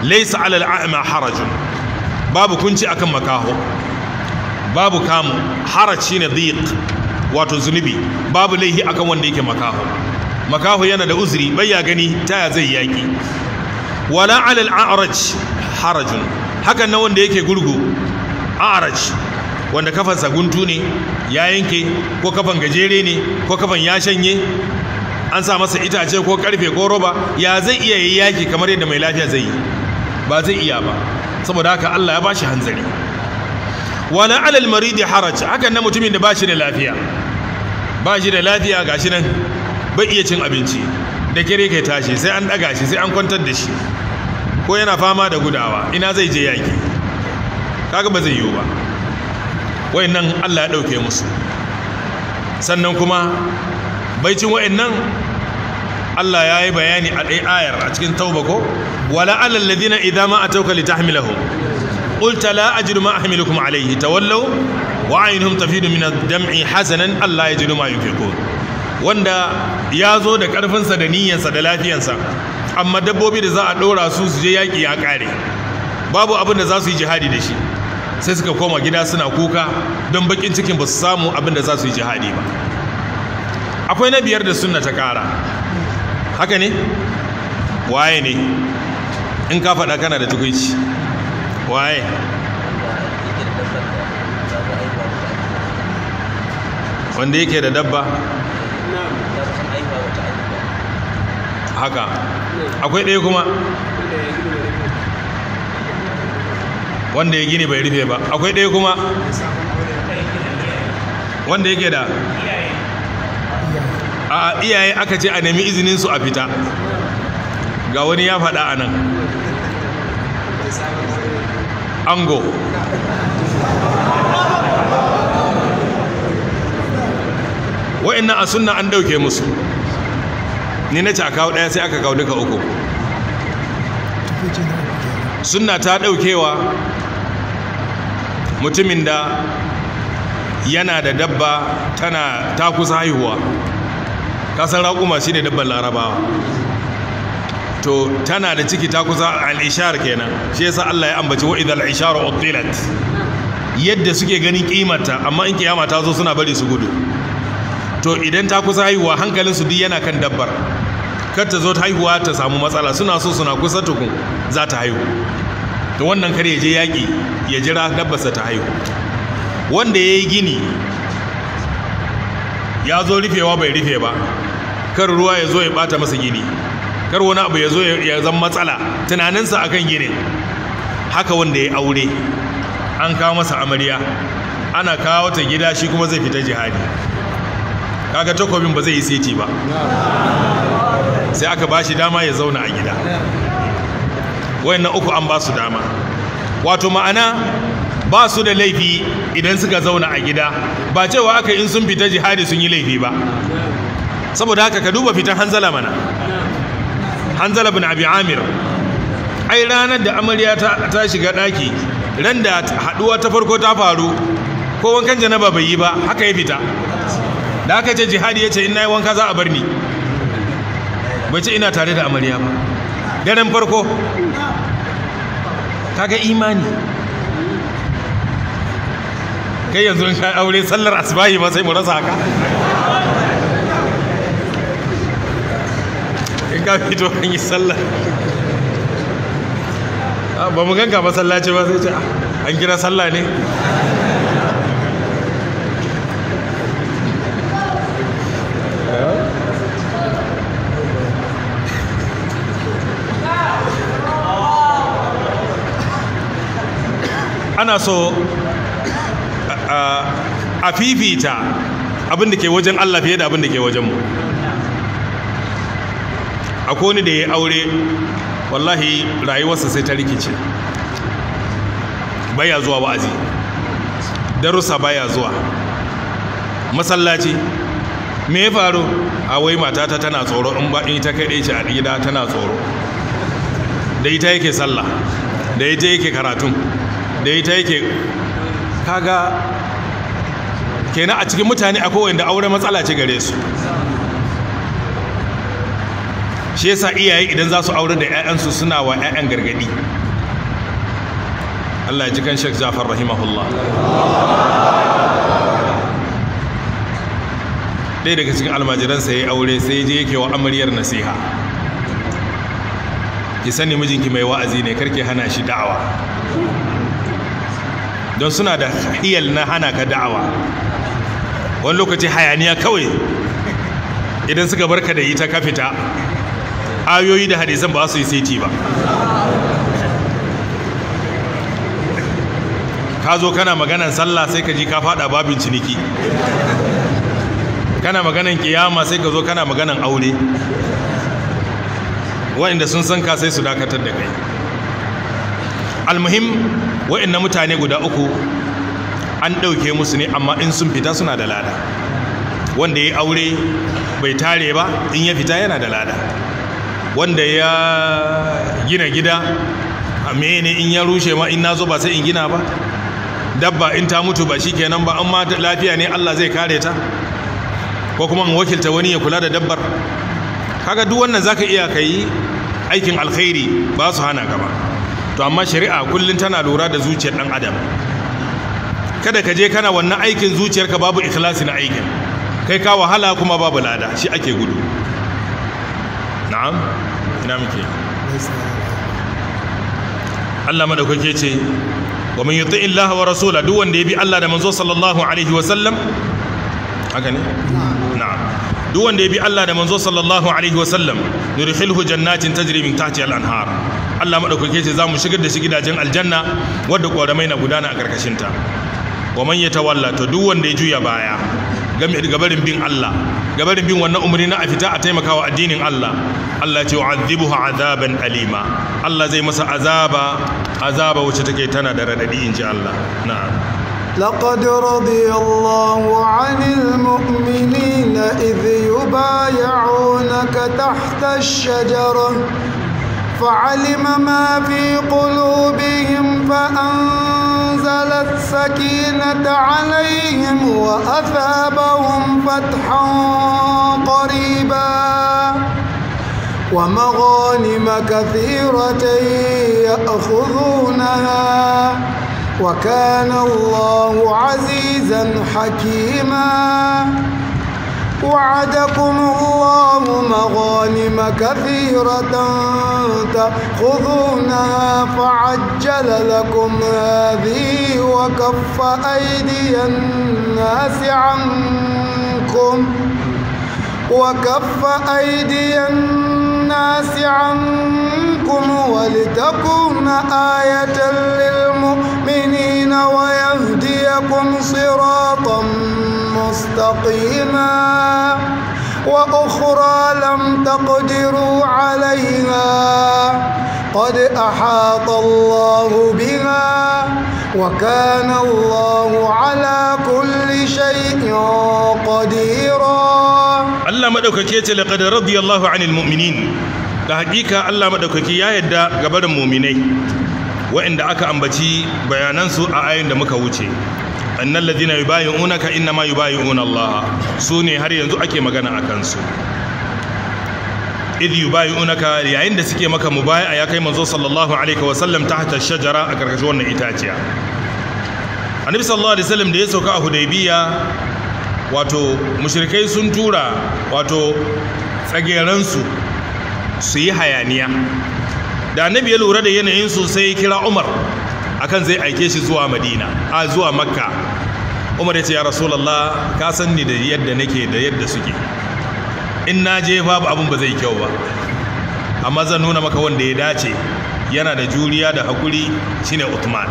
S2: laysa alal a'ma harajun babu kunci akan makaho babu kamu haraci ne dhiq wato zunubi babu laihi akan wanda yake makaho makaho yana da uzuri bai ya gani taya zai yaki wala alal a'raj harajun hakan na wanda yake gurgu a'raj wanda kafansa guntu ne ya yanke ko kafan gajere ne ko kafan ya shanye an sa masa itace ko karfe ko roba ya zai iya yi yaki kamar yadda mai lafiya zai yi ba zai iya ba saboda haka Allah ya bashi hanzari wala alal maridi haraj hakan na mutumin da bashi da lafiya bashi da lafiya gashi nan bai iya cin abinci da kire kai tashi sai an daga shi sai an kwantar da shi ko yana fama da gudawa ina zai je yaki kaga ba zai yiwu ba wayannan Allah ya dauke musu sannan kuma baicin wayannan Allah ya yi bayani a ɗai ayar a cikin tauba ko wala alal ladina idama ma atauka litahmilahum qulta la ajidu ma ahmilukum alayhi tawallaw wa aynihum tafidu min ad-dam'i hasanan Allah yajidu ma yunfiqun wanda ya zo da ƙarfinsa da niyyarsa da lafiyarsa amma dabbobi da za a ɗora su su je yaƙi ya kare babu abin da za su yi jihadi da shi sai suka koma gida suna kuka don bakin cikin ba su samu abin da za su yi jihadi ba akwai na biyar da sunna ta ƙara haka ne waye ne in ka faɗa kana da tukunci waye wanda yake da dabba haka akwai ɗaya kuma wanda ya gini bai rufe ba akwai ɗaya kuma wanda yake da a iyaye aka ce a nemi izinin su a fita ga wani ya faɗa a nan ango wa'annan a sunna an dauke musu ni na cakawo daya sai aka kawo duka uku sunna ta daukewa mutumin da yana da dabba tana ta kusa haihuwa kasan raƙuma shi ne dabban larabawa to tana da ciki ta kusa al’ishar kenan shi yasa Allah ya ambaci wa idhal a utilat yadda suke ganin kimarta amma in kiyama ta zo suna bari su gudu to idan ta kusa haihuwa hankalin su duk yana kan dabbar kar ta zo ta haihuwa ta samu matsala suna so suna kusa tukun za ta haihu to wannan kar ya je yaƙi ya jira dabbarsa ta haihu wanda ya yi gini ya zo rufewa bai rufe ba kar ruwa ya zo ya bata masa gini kar wani abu ya zo ya zan matsala tunaninsa akan ginin haka wanda ya aure an kawo masa amarya ana kawo ta gida shi kuma zai fita jihadi kaga takobin ba zai yi seti ba sai aka ba shi dama ya zauna a gida wayannan uku an ba su dama wato ma'ana ba su da laifi idan suka zauna a gida ba cewa aka in sun fita jihadi sun yi laifi ba saboda haka ka duba fitan hanzala mana hanzala bin abi amir ai ranar da amarya ta shiga daki ran da haduwa ta farko ta faru ko wankan janaba bai yi ba haka ya fita da aka ce jihadi ya ce in yi wanka za a bar ni bai ce ina tare da amarya ba daren farko kaga imani kai yanzu sha aure sallar asibahi ba sai mu rasa haka ka fito an yi sallah ah, ba mu ganka masallaci ba sai ce ah, an gina sallah ne ana so a fifita abin da ke wajen Allah fiye da abin da ke wajen mu akwai wani da ya aure wallahi rayuwarsa sai ta rikice baya zuwa wa'azi darussa baya zuwa masallaci me ya faru a wai matata tana tsoro in ba ita kaɗai ce a gida tana tsoro da ita yake sallah da ita yake karatun da ita yake kaga kenan a cikin mutane akwai wanda aure matsala ce gare su shi yasa iyaye idan za su aure da 'ya'yansu suna wa 'ya'yan gargadi Allah ya ji kan Sheikh Jafar rahimahullah ɗaya daga cikin almajiransa ya yi aure sai je yake wa amaryar nasiha ki sani mijinki mai wa'azi ne karki hana shi da'awa don suna da hiyal na hana ka da'awa wani lokaci hayaniya kawai idan suka barka da ita ka fita ayoyi da hadisan ba su yi saiti ba ka zo kana maganan sallah sai ka ji ka fada babin ciniki kana maganan kiyama sai ka zo kana maganan aure waɗanda sun san ka sai su dakatar da kai almuhim na mutane guda uku an ɗauke musu ne amma in sun fita suna da lada wanda ya aure bai tare ba in ya fita yana da lada wanda ya gina gida a mene in ya rushe ma in nazo ba sai in gina ba dabba in ta mutu ba shi kenan ba amma lafiya ne Allah zai kare ta ko kuma mu wakilta wani ya kula da dabbar kaga duk wannan zaka iya kai aikin alkhairi ba su hana ka ba to amma shari'a kullun tana lura da zuciyar dan adam kada ka je kana wannan aikin zuciyarka babu ikhlasi na aikin kai ka wahala kuma babu lada shi ake gudu na'am ina muke Allah madaukake ce wa man yuti illaha wa rasula duk wanda ya bi Allah da manzo sallallahu alaihi wa sallam haka ne na'am duk wanda ya Allah da manzo sallallahu alaihi wa sallam nurhilhu jannatin tajri min tahtiha al-anhar Allah madaukake ce zamu shigar da shi gidajen aljanna wadda koramai na gudana a karkashin ta wa man yatawalla to duk wanda ya juya baya game da gabarin bin Allah gabarin bin wannan umarni na a fita a taimakawa addinin Allah Allah ce yu'adhibuhu azaban alima Allah zai masa azaba azaba wacce take tana da radadi inji Allah na'am
S3: لقد رضي الله عن المؤمنين إذ يبايعونك تحت الشجرة فعلم ما في قلوبهم فأنزل أنزلت سكينة عليهم وأثابهم فتحا قريبا ومغانم كثيرة يأخذونها وكان الله عزيزا حكيما وعدكم الله مغانم كثيرة تأخذونها فعجل لكم هذه وكف أيدي الناس عنكم وكف أيدي الناس عنكم ولتكون آية للمؤمنين ويهديكم صراطا مستقيما وأخرى لم تقدروا عليها قد أحاط الله بها وكان الله على كل شيء قديرا
S2: Allah madaukake ce laqad radiyallahu anil mu'minin da hakika Allah madaukake ya yadda gabarin mu'minai wa'inda aka ambaci bayanansu a ayin da muka wuce annal ladina yubayyi'unaka ma bayan Allah su ne har yanzu ake magana a kansu idh yubayyi'unaka yayin da suke maka a ya kai manzo sallallahu alaihi wa sallam tahta shajara a karkashin wannan itaciya annabi sallallahu alaihi wasallam da ya sauka a hudaybiya wato mushrikai sun tura wato tsageran su su yi hayaniya da annabi ya lura da yanayin su sai kira Umar akan zai aike shi zuwa Madina a zuwa Makka umar ya ce ya rasulallah ka san ni da yadda nake da yadda suke in na je babu abin ba zai kyau ba amma zan nuna maka wanda ya dace yana da juriya da hakuri shine Uthman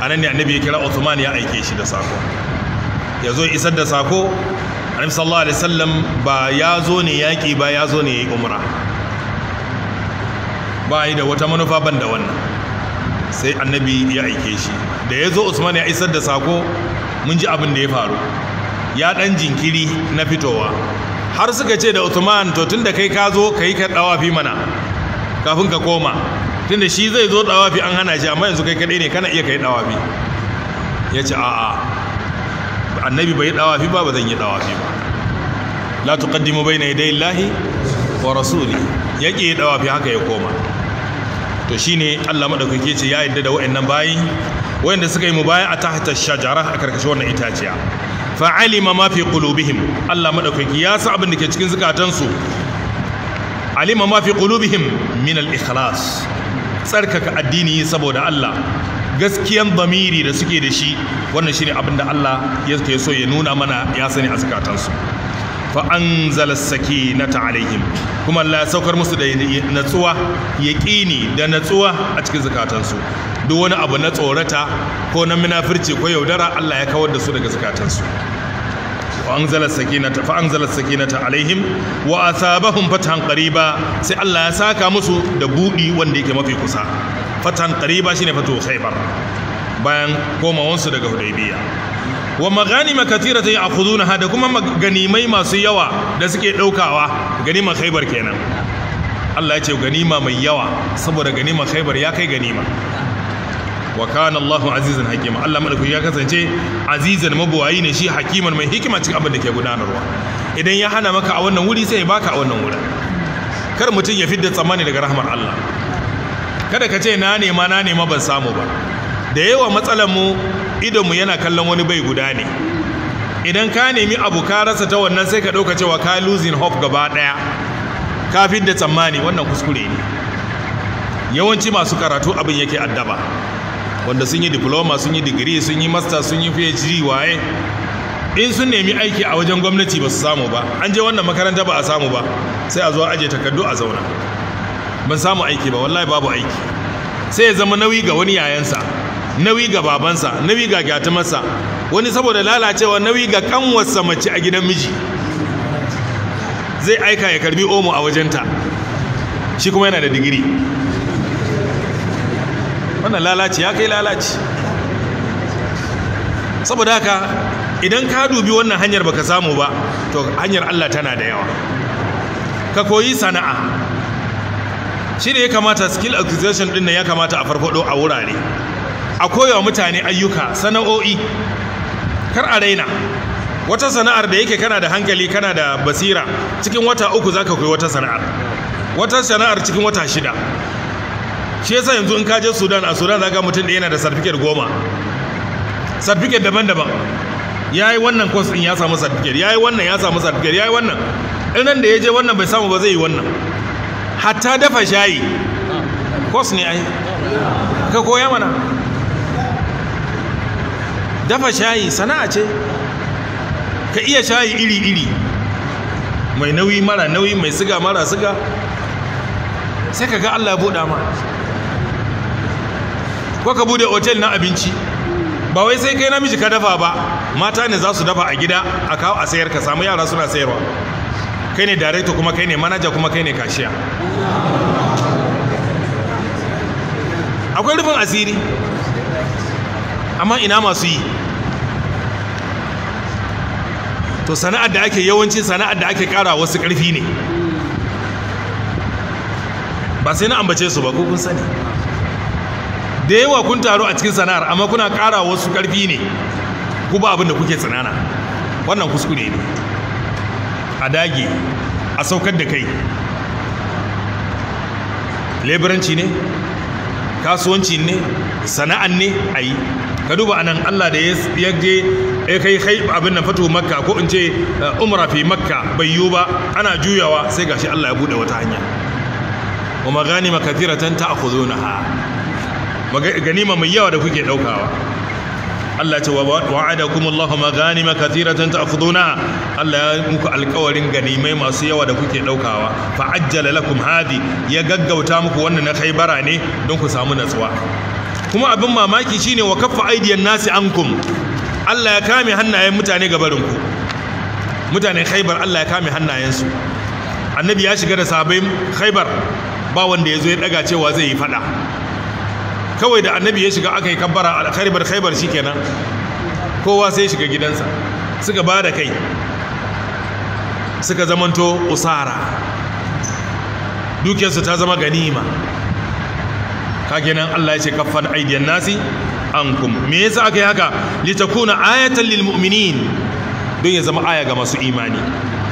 S2: anan ne annabi ya kira Uthman ya aike shi da sako ya zo isar da sako annabi sallallahu alaihi wasallam ba ya zo ne yaki ba ya zo ne yayi umra ba yi da wata manufa ban da wannan sai annabi ya aike shi da ya zo Usman ya isar da sako mun ji abin da ya faru ya dan jinkiri na fitowa har suka ce da Uthman to tunda kai ka zo kai ka dawafi mana kafin ka koma tunda shi zai zo dawafi an hana shi amma yanzu kai kadai ne kana iya kai dawafi ya ce a'a annabi bai dawafi ba ba zan yi dawafi ba la tuqaddimu bayna yaday Allahi wa rasuli yake dawafi haka ya koma to shine Allah madaukake ce ya yadda da wa'annan bayi wayanda suka yi mubaya'a tahta shajara a karkashin wannan itaciya fa alima ma fi qulubihim Allah madaukaki ya sa abin da ke cikin zukatansu alima ma fi qulubihim min al-ikhlas tsarkaka addini saboda Allah gaskiyan zamiri da suke da shi wannan shine abin da Allah ya ke so ya nuna mana ya sani a zukatansu fa anzala sakinata alaihim kuma Allah ya saukar musu da natsuwa yaqini da natsuwa a cikin zukatansu duk wani abu na tsorata ko na munafirci ko yaudara Allah ya kawar da su daga zakatansu anzala sakinata fa anzala sakinata alaihim wa asabahum fatan qariba sai Allah ya saka musu da budi wanda yake mafi kusa fatan qariba shine fatu khaybar bayan komawansu daga hudaybiya wa maganima katiratan ya'khuduna hada kuma ganimai masu yawa da suke daukawa ganima khaybar kenan Allah ya ce ganima mai yawa saboda ganima khaybar ya kai ganima wa kana Allahu azizan hakima Allah madaukaki ya kasance azizan mabuwayi ne shi hakiman mai hikima cikin abin da ke gudanarwa idan ya hana maka a wannan wuri sai ya baka a wannan wurin kar mutum ya fidda tsammani daga rahmar Allah kada ka ce na nema na nema ban samu ba da yawa matsalar mu idon mu yana kallon wani bai guda ne idan ka nemi abu ka rasa ta wannan sai ka dauka cewa ka losing hope gaba daya ka fidda tsammani wannan kuskure ne yawanci masu karatu abin yake addaba wanda sun yi diploma sun yi digiri sun yi master sun yi phd waye in sun nemi aiki a wajen gwamnati ba su samu ba an je wannan makaranta ba a samu ba sai a zo aje takardu a zauna ban samu aiki ba wallahi babu aiki sai ya zama nauyi ga wani yayansa nauyi ga babansa nauyi ga gyatumarsa wani saboda lalacewa nauyi ga kanwarsa mace a gidan miji zai aika ya karbi omo a wajenta shi kuma yana da digiri wannan lalaci ya kai lalaci saboda haka idan ka dubi wannan hanyar baka samu ba to hanyar Allah tana da yawa ka koyi sana'a shi ne ya kamata skill acquisition din nan ya kamata a farfado a wurare a koyawa mutane ayyuka sana'o'i kar a raina wata sana'ar da yake kana da hankali kana da basira cikin wata uku zaka koyi wata sana'ar wata sana'ar cikin wata shida shi yasa yanzu in ka je sudan a sudan zaka mutum da yana da certificate goma certificate daban-daban ya yi wannan course din ya samu certificate ya yi wannan ya samu certificate ya yi wannan nan da ya je wannan bai samu ba zai yi wannan hatta dafa shayi course ne ai ka koya mana dafa shayi sana'a ce ka iya shayi iri-iri mai nauyi mara nauyi mai siga mara siga sai ka ga Allah ya buɗa ma ko ka bude otel na abinci ba wai sai kai namiji ka dafa ba mata ne za su dafa a gida a kawo a sayar ka samu yara suna sayarwa kai ne director kuma kai ne manaja kuma kai ne kashiya akwai rufin asiri amma ina masu yi to sana'ar da ake yawanci sana'ar da ake kara wasu karfi ne ba sai na ambace su ba ko kun sani da yawa kun taru a cikin sana'ar amma kuna ƙara wasu ƙarfi ne ku ba abinda kuke tsanana wannan kuskure ne a dage a saukar da kai leburanci ne kasuwanci ne sana'an ne a yi ka duba anan Allah da ya je ya kai kai abin nan fatu makka ko in ce eh, umara fi makka bai yiwu ba ana juyawa sai gashi Allah ya buɗe wata hanya wa kuzo na ha. ganima mai yawa da kuke daukawa Allah ce wa'adakum Allahu maghanima katiratan ta'khuduna Allah ya muku alƙawarin ganimai masu yawa da kuke ɗaukawa. fa ajjala lakum hadi ya gaggauta muku wannan na khaybara ne don ku samu natsuwa kuma abin mamaki shine wa kaffa aidiyan nasi ankum Allah ya kame hannayen mutane ga mutanen khaybar Allah ya kame hannayensu annabi ya shiga da sabai khaybar ba wanda ya zo ya daga cewa zai yi fada kawai da annabi ya shiga aka yi kabbara alkharibar khaibar kenan kowa sai shiga gidansa suka ba da kai suka zamanto usara dukiyarsu ta zama ganima kagenan Allah ya ce kaffan aidiyan nasi ankum me yasa aka yi haka litakuna ayatan lil mu'minin don ya zama aya ga masu imani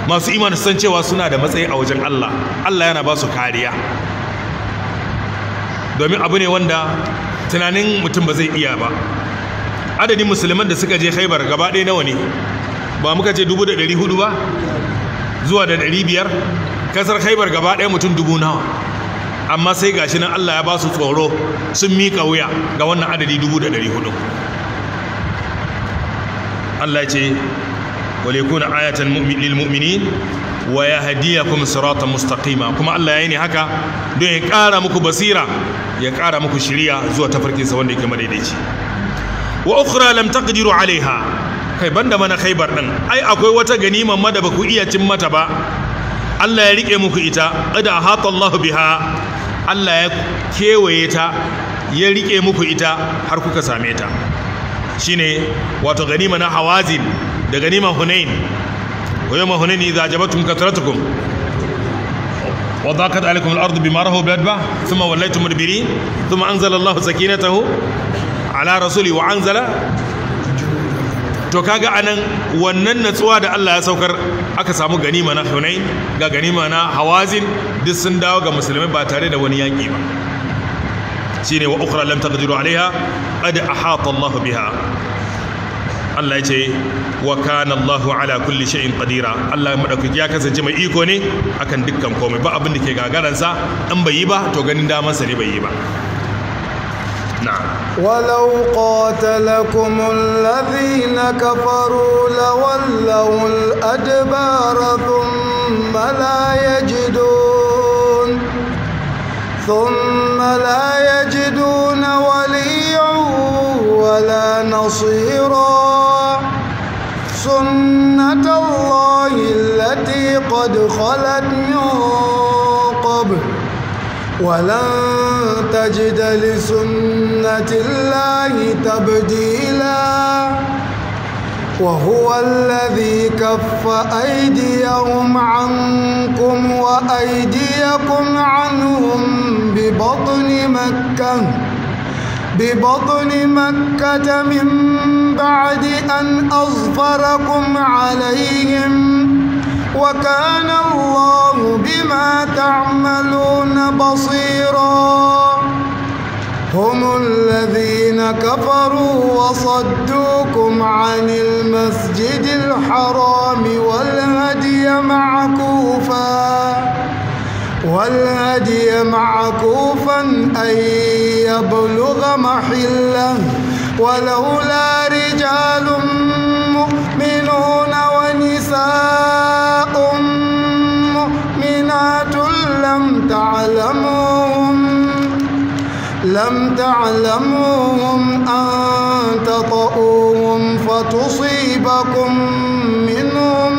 S2: masu imani san cewa suna da matsayi a wajen Allah Allah yana ba su kariya domin abu ne wanda tunanin mutum ba zai iya ba adadin musulman da suka je haibar gaba ɗaya nawa ne ba muka ce dubu da ɗari hudu ba zuwa da ɗari biyar kasar haibar gaba ɗaya mutum dubu nawa amma sai gashi nan allah ya ba su tsoro sun miƙa wuya ga wannan adadi dubu da hudu allah ce wale ayatan lilmu'minin wa ya hadiya kuma siratan mustaqima kuma allah ya yi ne haka don ya ƙara muku basira ya ƙara muku shirya zuwa tafarkinsa wanda yake madaidaici wa ukhra lam taqdiru alaiha kai banda mana khaybar din ai akwai wata ganimar ma da baku iya cin mata ba Allah ya rike muku ita qad ahata Allah biha Allah ya kewaye ta ya rike muku ita har kuka same ta shine wato ganima na hawazin da ganima hunain wa yawma hunain idza jabatum kathratukum وضاقت عليكم الأرض بما رهبت به ثم وليتم مدبرين ثم أنزل الله سكينته على رسوله وأنزل to kaga anan wannan natsuwa da Allah ya saukar aka samu ganima na Hunain ga ganima na Hawazin duk sun dawo ga musulmai ba tare da wani yanki ba shine wa ukhra lam taqdiru alaiha qad ahata Allah biha Allah ya ce wa kana Allahu ala kulli shay'in qadira Allah madaukaki ya kasance mai iko ne akan dukkan komai ba abin da ke gagaransa in bai yi ba to ganin damansa ne bai yi ba na'am
S3: ولو قاتلكم الذين كفروا لولوا الأدبار ثم لا يجدون ثم لا يجدون وليا ولا نصيرا سنة الله التي قد خلت من قبل ولن تجد لسنة الله تبديلا وهو الذي كف أيديهم عنكم وأيديكم عنهم ببطن مكة ببطن مكة من بعد أن أظفركم عليهم وكان الله بما تعملون بصيرا هم الذين كفروا وصدوكم عن المسجد الحرام والهدي معكوفاً والهدي معكوفا أن يبلغ محله ولولا رجال مؤمنون ونساء مؤمنات لم تعلموهم لم تعلموهم أن تطؤوهم فتصيبكم منهم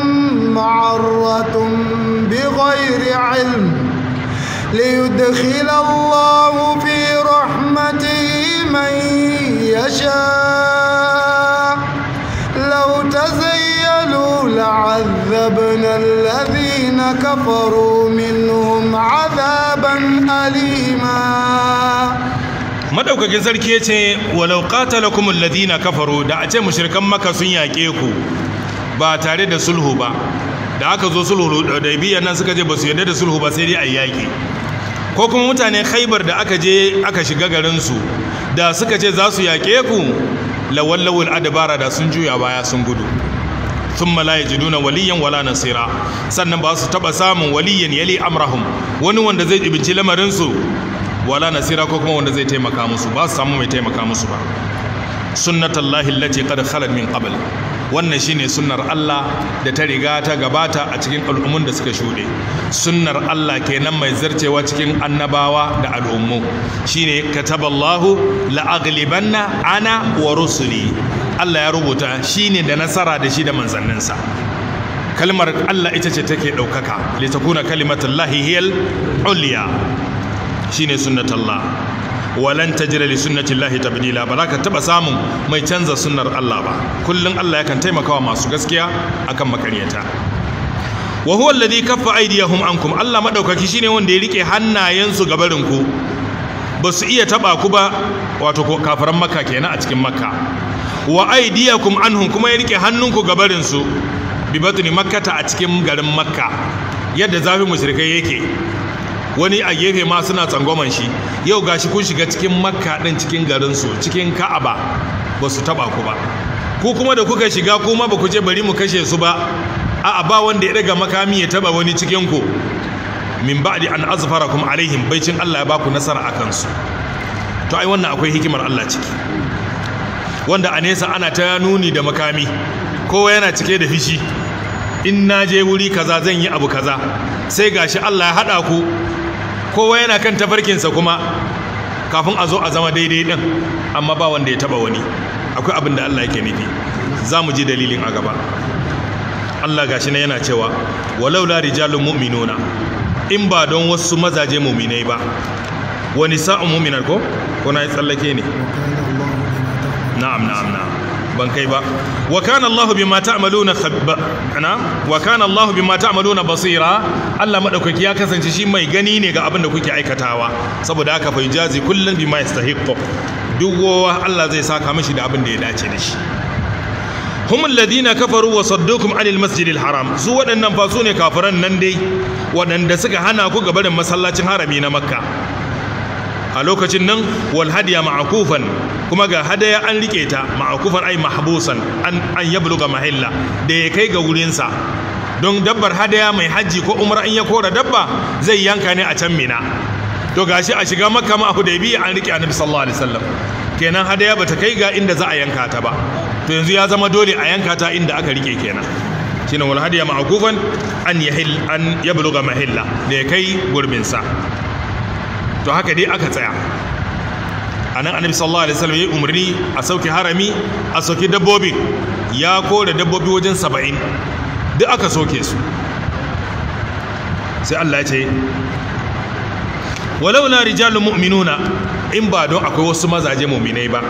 S3: معرة بغير علم ليدخل الله في رحمته من يشاء لو تزيلوا لعذبنا الذين كفروا منهم عذابا أليما
S2: madaukakin sarki ya ce walau qatalakum alladhina kafaru da a ce mushrikan maka sun yaƙe ku ba tare da sulhu ba da aka zo sulhu da biyan nan suka je ba su yarda da sulhu ba sai dai a yaƙi ko kuma mutane khaibar da aka je aka shiga garinsu da suka ce za su yaƙe ku lawallawul adabara da sun juya baya sun gudu sun malaye jiduna waliyan wala nasira sannan ba su taɓa samun waliyan yali amrahum wani wanda zai ibinci lamarinsu wala nasira ko kuma wanda zai taimaka musu ba su samu mai taimaka musu ba sunnatallahi lati qad khalat min qabl wannan shine sunnar Allah da ta riga ta gabata a cikin al'ummun da suka shuɗe sunnar Allah kenan mai zarcewa cikin annabawa da al'ummu shine kataballahu la'aglibanna ana wa rusuli Allah ya rubuta shine da nasara da shi da manzanninsa kalmar Allah ita ce take ɗaukaka litakuna kalimatullahi hiyal uliya shine sunnatullah walan tajira li sunnati ta tabdila ba za ka taba samun mai canza sunnar Allah ba Kullum Allah yakan taimakawa masu gaskiya akan makaryata wa huwa alladhi kaffa aydiyahum ankum Allah madaukaki shine wanda ya rike hannayensu gabarin ba su iya taba ku ba wato kafaran makka kenan a cikin makka wa aydiyakum anhum kuma ya rike hannunku gabarin su bi batni makkata a cikin garin makka yadda zafi mushrikai yake wani a gefe ma suna tsangwaman shi yau gashi kun shiga cikin makka din cikin garin su cikin ka'aba ba su taba ku ba ku kuma da kuka shiga kuma ba ku je bari mu kashe su ba a'a ba wanda ya daga makami ya taba wani cikin ku min ba'di an azfarakum alaihim baicin Allah ya ba ku nasara akan su to ai wannan akwai hikimar Allah ciki wanda a nesa ana ta nuni da makami kowa yana cike da fishi in na je wuri kaza zan yi abu kaza sai gashi Allah ya haɗa ku kowa yana kan tafarkinsa kuma kafin a zo a zama daidai din amma ba wanda ya taɓa wani akwai abin da Allah yake nufi za mu ji dalilin a gaba Allah gashi na yana cewa walau la rijalun mu'minuna in ba don wasu mazaje mu'minai ba wani sa'un mu'minar ko ko na yi tsallake ne na'am na'am na'am ban kai ba wa kana Allahu bima ta'maluna khabba ana wa kana Allahu bima ta'maluna basira Allah madaukaki ya kasance shi mai gani ne ga abin da kuke aikatawa saboda haka fa jazi kullun bima yastahiqu duk Allah zai saka mishi da abin da ya dace da shi هم الذين كفروا وصدوكم عن المسجد الحرام su waɗannan fa su ne kafiran nan dai waɗanda suka hana ku gabarin masallacin harami na makka a lokacin nan wal hadiya ma'akufan kuma ga hadaya an rike ta ma'akufan ai mahbusan an an yabluga mahilla da ya kai ga wurinsa don dabbar hadaya mai haji ko Umar an ya kora dabba zai yanka ne a can mina to gashi a shiga makka ma biyu an rike annabi sallallahu alaihi wasallam kenan hadaya bata kai ga inda za a yanka ta ba to yanzu ya zama dole a yanka ta inda aka rike kenan shine wal hadiya ma'akufan an yahil an yabluga mahilla da ya kai gurbinsa to haka dai aka tsaya a nan annabi sallallahu alaihi wasallam ya umarni a sauke harami a sauke dabbobi ya kore dabbobi wajen saba'in duk aka soke su sai Allah ya ce walau rijalun mu'minuna in ba don akwai wasu mazaje mu'minai ba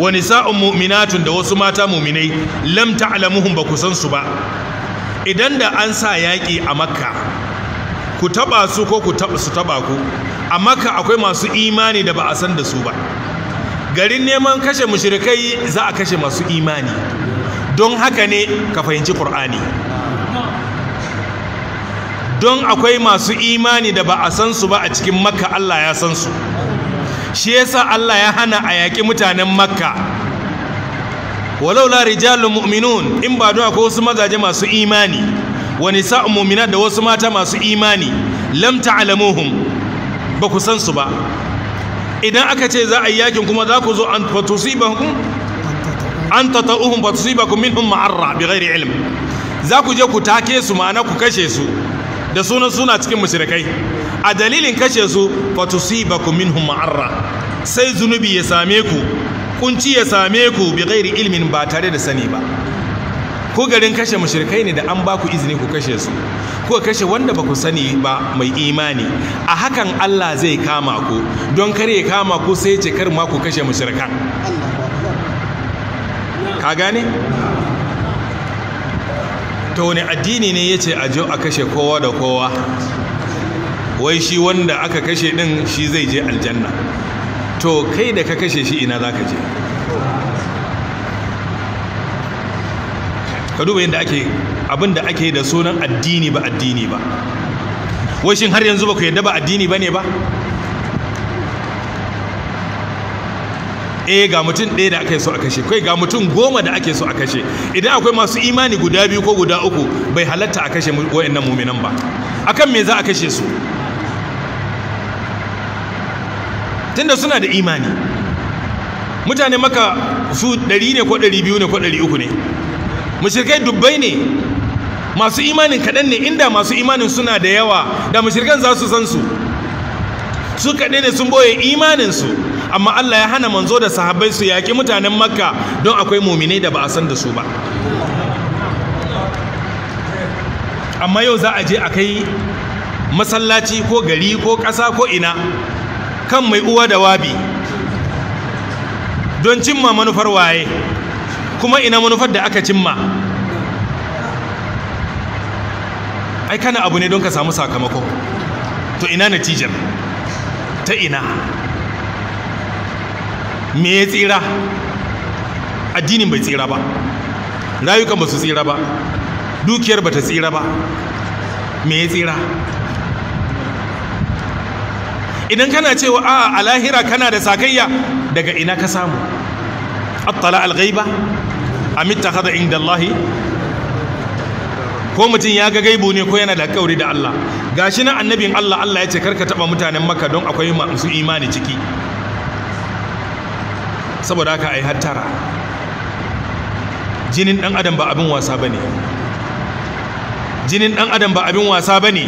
S2: wa nisa'un mu'minatun da wasu mata mu'minai lam ta'lamuhum ba ku san su ba idan da an sa yaki a makka ku taba su ko ku taba su taba ku a makka akwai masu imani da ba a san da su ba garin neman kashe mushrikai za a kashe masu imani don haka ne ka fahimci qur'ani don akwai masu imani da ba a san su ba a cikin makka Allah ya san su shi yasa Allah ya hana a yaƙi mutanen makka walau la rijalun mu'minun in ba don akwai wasu mazaje masu imani Wani nisa'u mu'minat da wasu mata masu imani lam ta'lamuhum ba ku san su ba idan aka ce za a yi yakin kuma za ku zo an fatusibakum an tata'uhum fatusibakum minhum ma'arra bi gairi ilm za ku je ku take su ma'ana ku kashe su da sunan suna cikin mushrikai a dalilin kashe su fatusibakum minhum ma'arra sai zunubi ya same ku kunci ya same ku bi gairi ilmin ba tare da sani ba ko garin kashe mashirkai ne da an ba ku izini ku kashe su ko kashe wanda ba ku sani ba mai imani a hakan Allah zai kama ku don kare ya kama ku sai ce kar ma ku kashe mashirkan ka gane ta wani addini ne ya ce a a kashe kowa da kowa wai shi wanda aka kashe din shi zai je aljanna to kai da ka kashe shi ina za ka je ka duba yadda ake abin da ake da sunan addini ba addini ba wai shin har yanzu ba ku yadda ba addini ba ne ba eh ga mutum ɗaya da aka so a kashe kai ga mutum goma da ake so a kashe idan akwai masu imani guda biyu ko guda uku bai halatta a kashe wa'annan muminan ba akan me za a kashe su tunda suna da imani mutane maka su ɗari ne ko ɗari biyu ne ko ɗari uku ne mushrikai dubbai ne masu imanin kaɗan ne inda masu imanin suna da yawa da mushrikan za su san su su kaɗai ne sun boye imaninsu amma Allah ya hana manzo da sahabbai su yaƙi mutanen makka don akwai muminai da ba a san da su ba amma yau za a je a kai masallaci ko gari ko ƙasa ko ina kan mai uwa da wabi don cimma manufar waye kuma ina manufar da aka cimma ai kana abu ne don ka samu sakamako to ina natijar ta ina me ya tsira addinin bai tsira ba rayukan ba su tsira ba dukiyar ba ta tsira ba me ya tsira idan kana cewa a a lahira kana da sakayya daga ina ka samu attala alghaiba amitta kada inda Allahi ko mutum ya ga gaibu ne ko yana da kauri da Allah gashi nan annabin Allah Allah ya ce karka taba mutanen maka don akwai masu imani ciki saboda haka ai hattara jinin dan adam ba abin wasa bane jinin dan adam ba abin wasa bane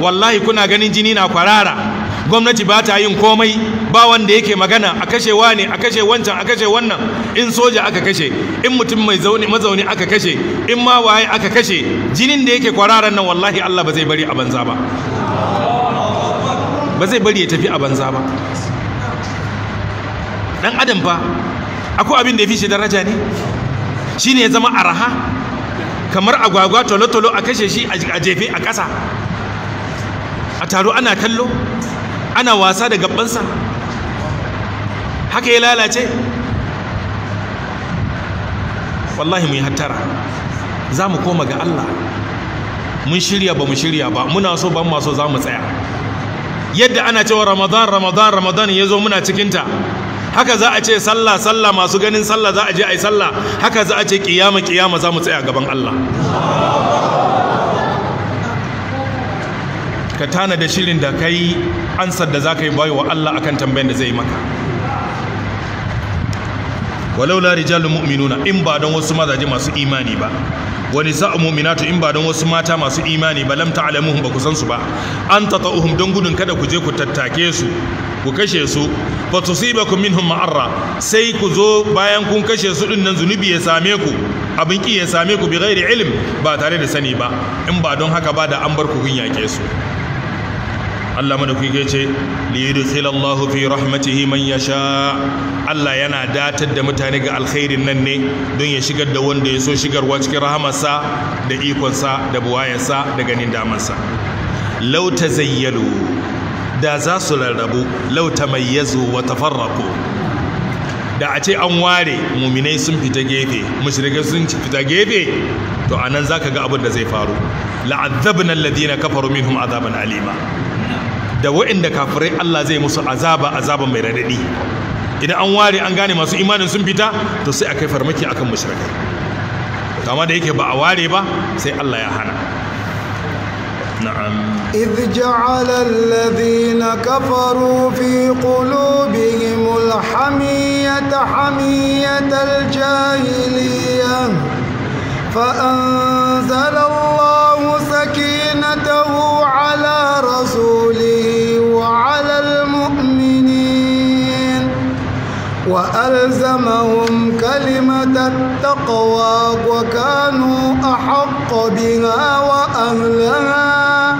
S2: wallahi kuna ganin jini na kwarara gwamnati ba ta yin komai ba wanda yake magana a kashe ne a kashe wancan a kashe wannan in soja aka kashe in mutum mai zaune mazauni aka kashe in ma waye aka kashe jinin da yake kwararan nan wallahi Allah ba zai bari a banza ba ba zai bari ya tafi a banza ba dan adam ba akwai abin da ya fi shi daraja ne shine ya zama araha kamar agwagwa tolo-tolo a kashe shi a jefe a ƙasa a taro ana kallo ana wasa da gabansa haka ya lalace wallahi mun hattara za mu koma ga Allah mun shirya ba mu shirya ba muna so ba mu so za mu tsaya yadda ana cewa ramadan ramadan ramadan ya zo muna cikinta haka za a ce salla sallah masu ganin sallah za a je a yi sallah haka za a ce kiyama kiyama za mu tsaya gaban Allah ka tana da shirin da ka yi ansar da za ka yi bayo wa Allah akan tambayin da zai maka walaula rijalun mu'minuna in ba don wasu mazaje masu imani ba wani sa'a mu'minatu in ba don wasu mata masu imani ba lam ta'lamuhum ba ku san su ba an tata'uhum don gudun kada ku je ku tattake su ku kashe su fa min minhum ma'arra sai ku zo bayan kun kashe su din nan zunubi ya same ku abin ki ya same ku bi ghairi ilm ba tare da sani ba in ba don haka ba da an bar ku kun yake su Allah madaukake ce li yudkhilallahu fi rahmatihi man yasha Allah yana datar da mutane ga alkhairin nan ne don ya shigar da wanda ya so shigarwa cikin rahamarsa da ikonsa da buwayarsa da ganin Lauta law tazayyalu da za su rarrabu law tamayyazu wa tafarraqu da a ce an ware muminai sun fita gefe mushrikai sun fita gefe to anan zaka ga abin da zai faru la'adzabna alladhina kafaru minhum azaban alima da waɗanda kafirai Allah zai musu azaba azaban mai radadi idan an ware an gane masu imanin sun fita to sai a kai farmaki akan mushrikai kama da yake ba a ware ba sai Allah ya hana
S3: إذ جعل الذين كفروا في قلوبهم الحمية حمية الجاهلية فأنزل الله فألزمهم كلمة التقوى وكانوا أحق بها وأهلها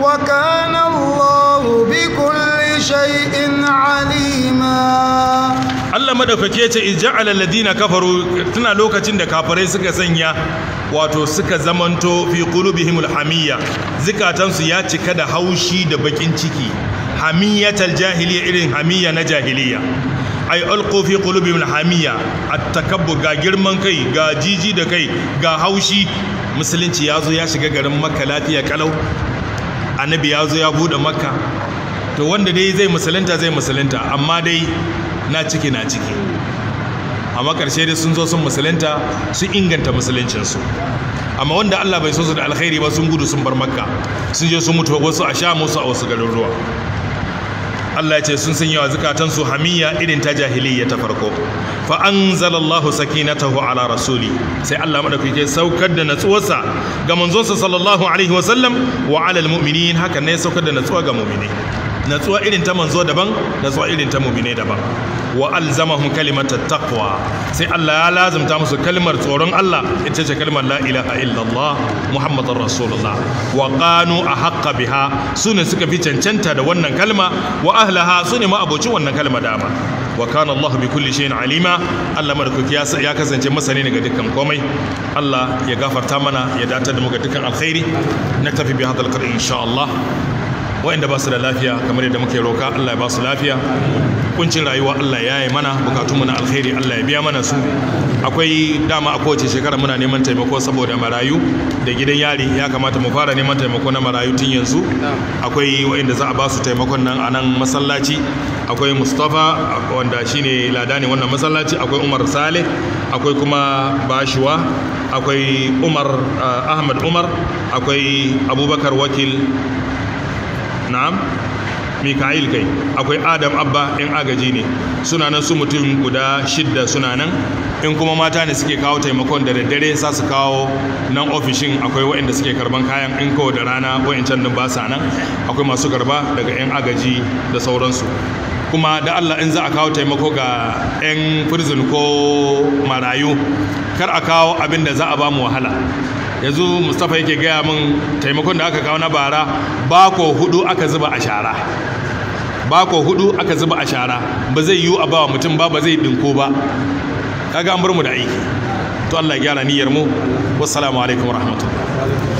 S3: وكان الله بكل شيء عليما
S2: Allah madaukake ce ija'ala alladina kafaru tana lokacin da kafirai suka sanya wato suka zamanto fi qulubihimul hamiyya zikatansu ya cika da haushi da bakin ciki hamiyatal jahiliya irin hamiyya na jahiliya ay alqu fi min hamiya at-takabbur ga girman kai ga jiji da kai ga haushi musulunci ya zo ya shiga garin makka lafiya kalau annabi ya zo ya bude makka to wanda dai zai musulunta zai musulunta amma dai na ciki na ciki amma karshe dai sun zo sun musulunta sun inganta musuluncinsu amma wanda Allah bai so su da alkhairi ba sun gudu sun bar makka sun je sun mutu wasu a sha musu a wasu garuruwa Allah ce sun sanya wa zukatansu hamiya irin ta jahiliya ta farko fa anzalallahu sakinatahu ala rasuli sai Allah madaukake saukar da natsuwarsa ga manzonsa sallallahu alaihi wasallam wa ala almu'minin haka ne saukar da natsuwa ga mu'mini natsuwa irin ta manzo daban natsuwa irin ta mumine daban wa alzamahum kalimatat taqwa sai Allah ya lazimta musu kalmar tsoron Allah ita ce kalmar la ilaha illallah muhammadar rasulullah wa qanu ahqqa biha sune suka fi cancanta da wannan kalma wa ahlaha sune ma abocin wannan kalma dama wa kana Allah bi kulli shay'in alima Allah madaukaki ya kasance masani ne ga dukkan komai Allah ya gafarta mana ya datar da mu ga dukkan alkhairi na tafi bi hadal qari insha Allah wa'anda ba su da lafiya kamar yadda muke roka Allah ya ba su lafiya kuncin rayuwa Allah ya yi mana mu na alheri Allah ya biya mana su akwai dama a kowace shekara muna neman taimako saboda marayu da gidan yari ya kamata mu fara neman taimako na marayu tun yanzu akwai wa'inda za a ba su taimakon nan a nan masallaci akwai mustapha wanda shine lada ne wannan masallaci akwai umar sale akwai kuma bashuwa akwai umar ah, ahmad umar akwai abubakar wakil na'am mika'il kai akwai adam abba in agaji ne suna nan su mutum guda shidda suna nan in kuma mata ne suke kawo taimakon da daddare sa su kawo nan ofishin akwai waɗanda suke karban kayan in kawo da rana waɗancan din ba sa nan akwai masu karba daga 'yan agaji da sauransu kuma da Allah in za a kawo taimako ga 'yan prison ko marayu kar a kawo abin da za a ba mu wahala yanzu mustapha yake gaya min taimakon da aka kawo na bara bako hudu aka zuba a shara bako hudu aka zuba a shara ba zai yiwu a bawa mutum ba ba zai dinko ba kaga an bar mu da aiki to Allah ya gyara niyyar mu wassalamu alaikum warahmatullahi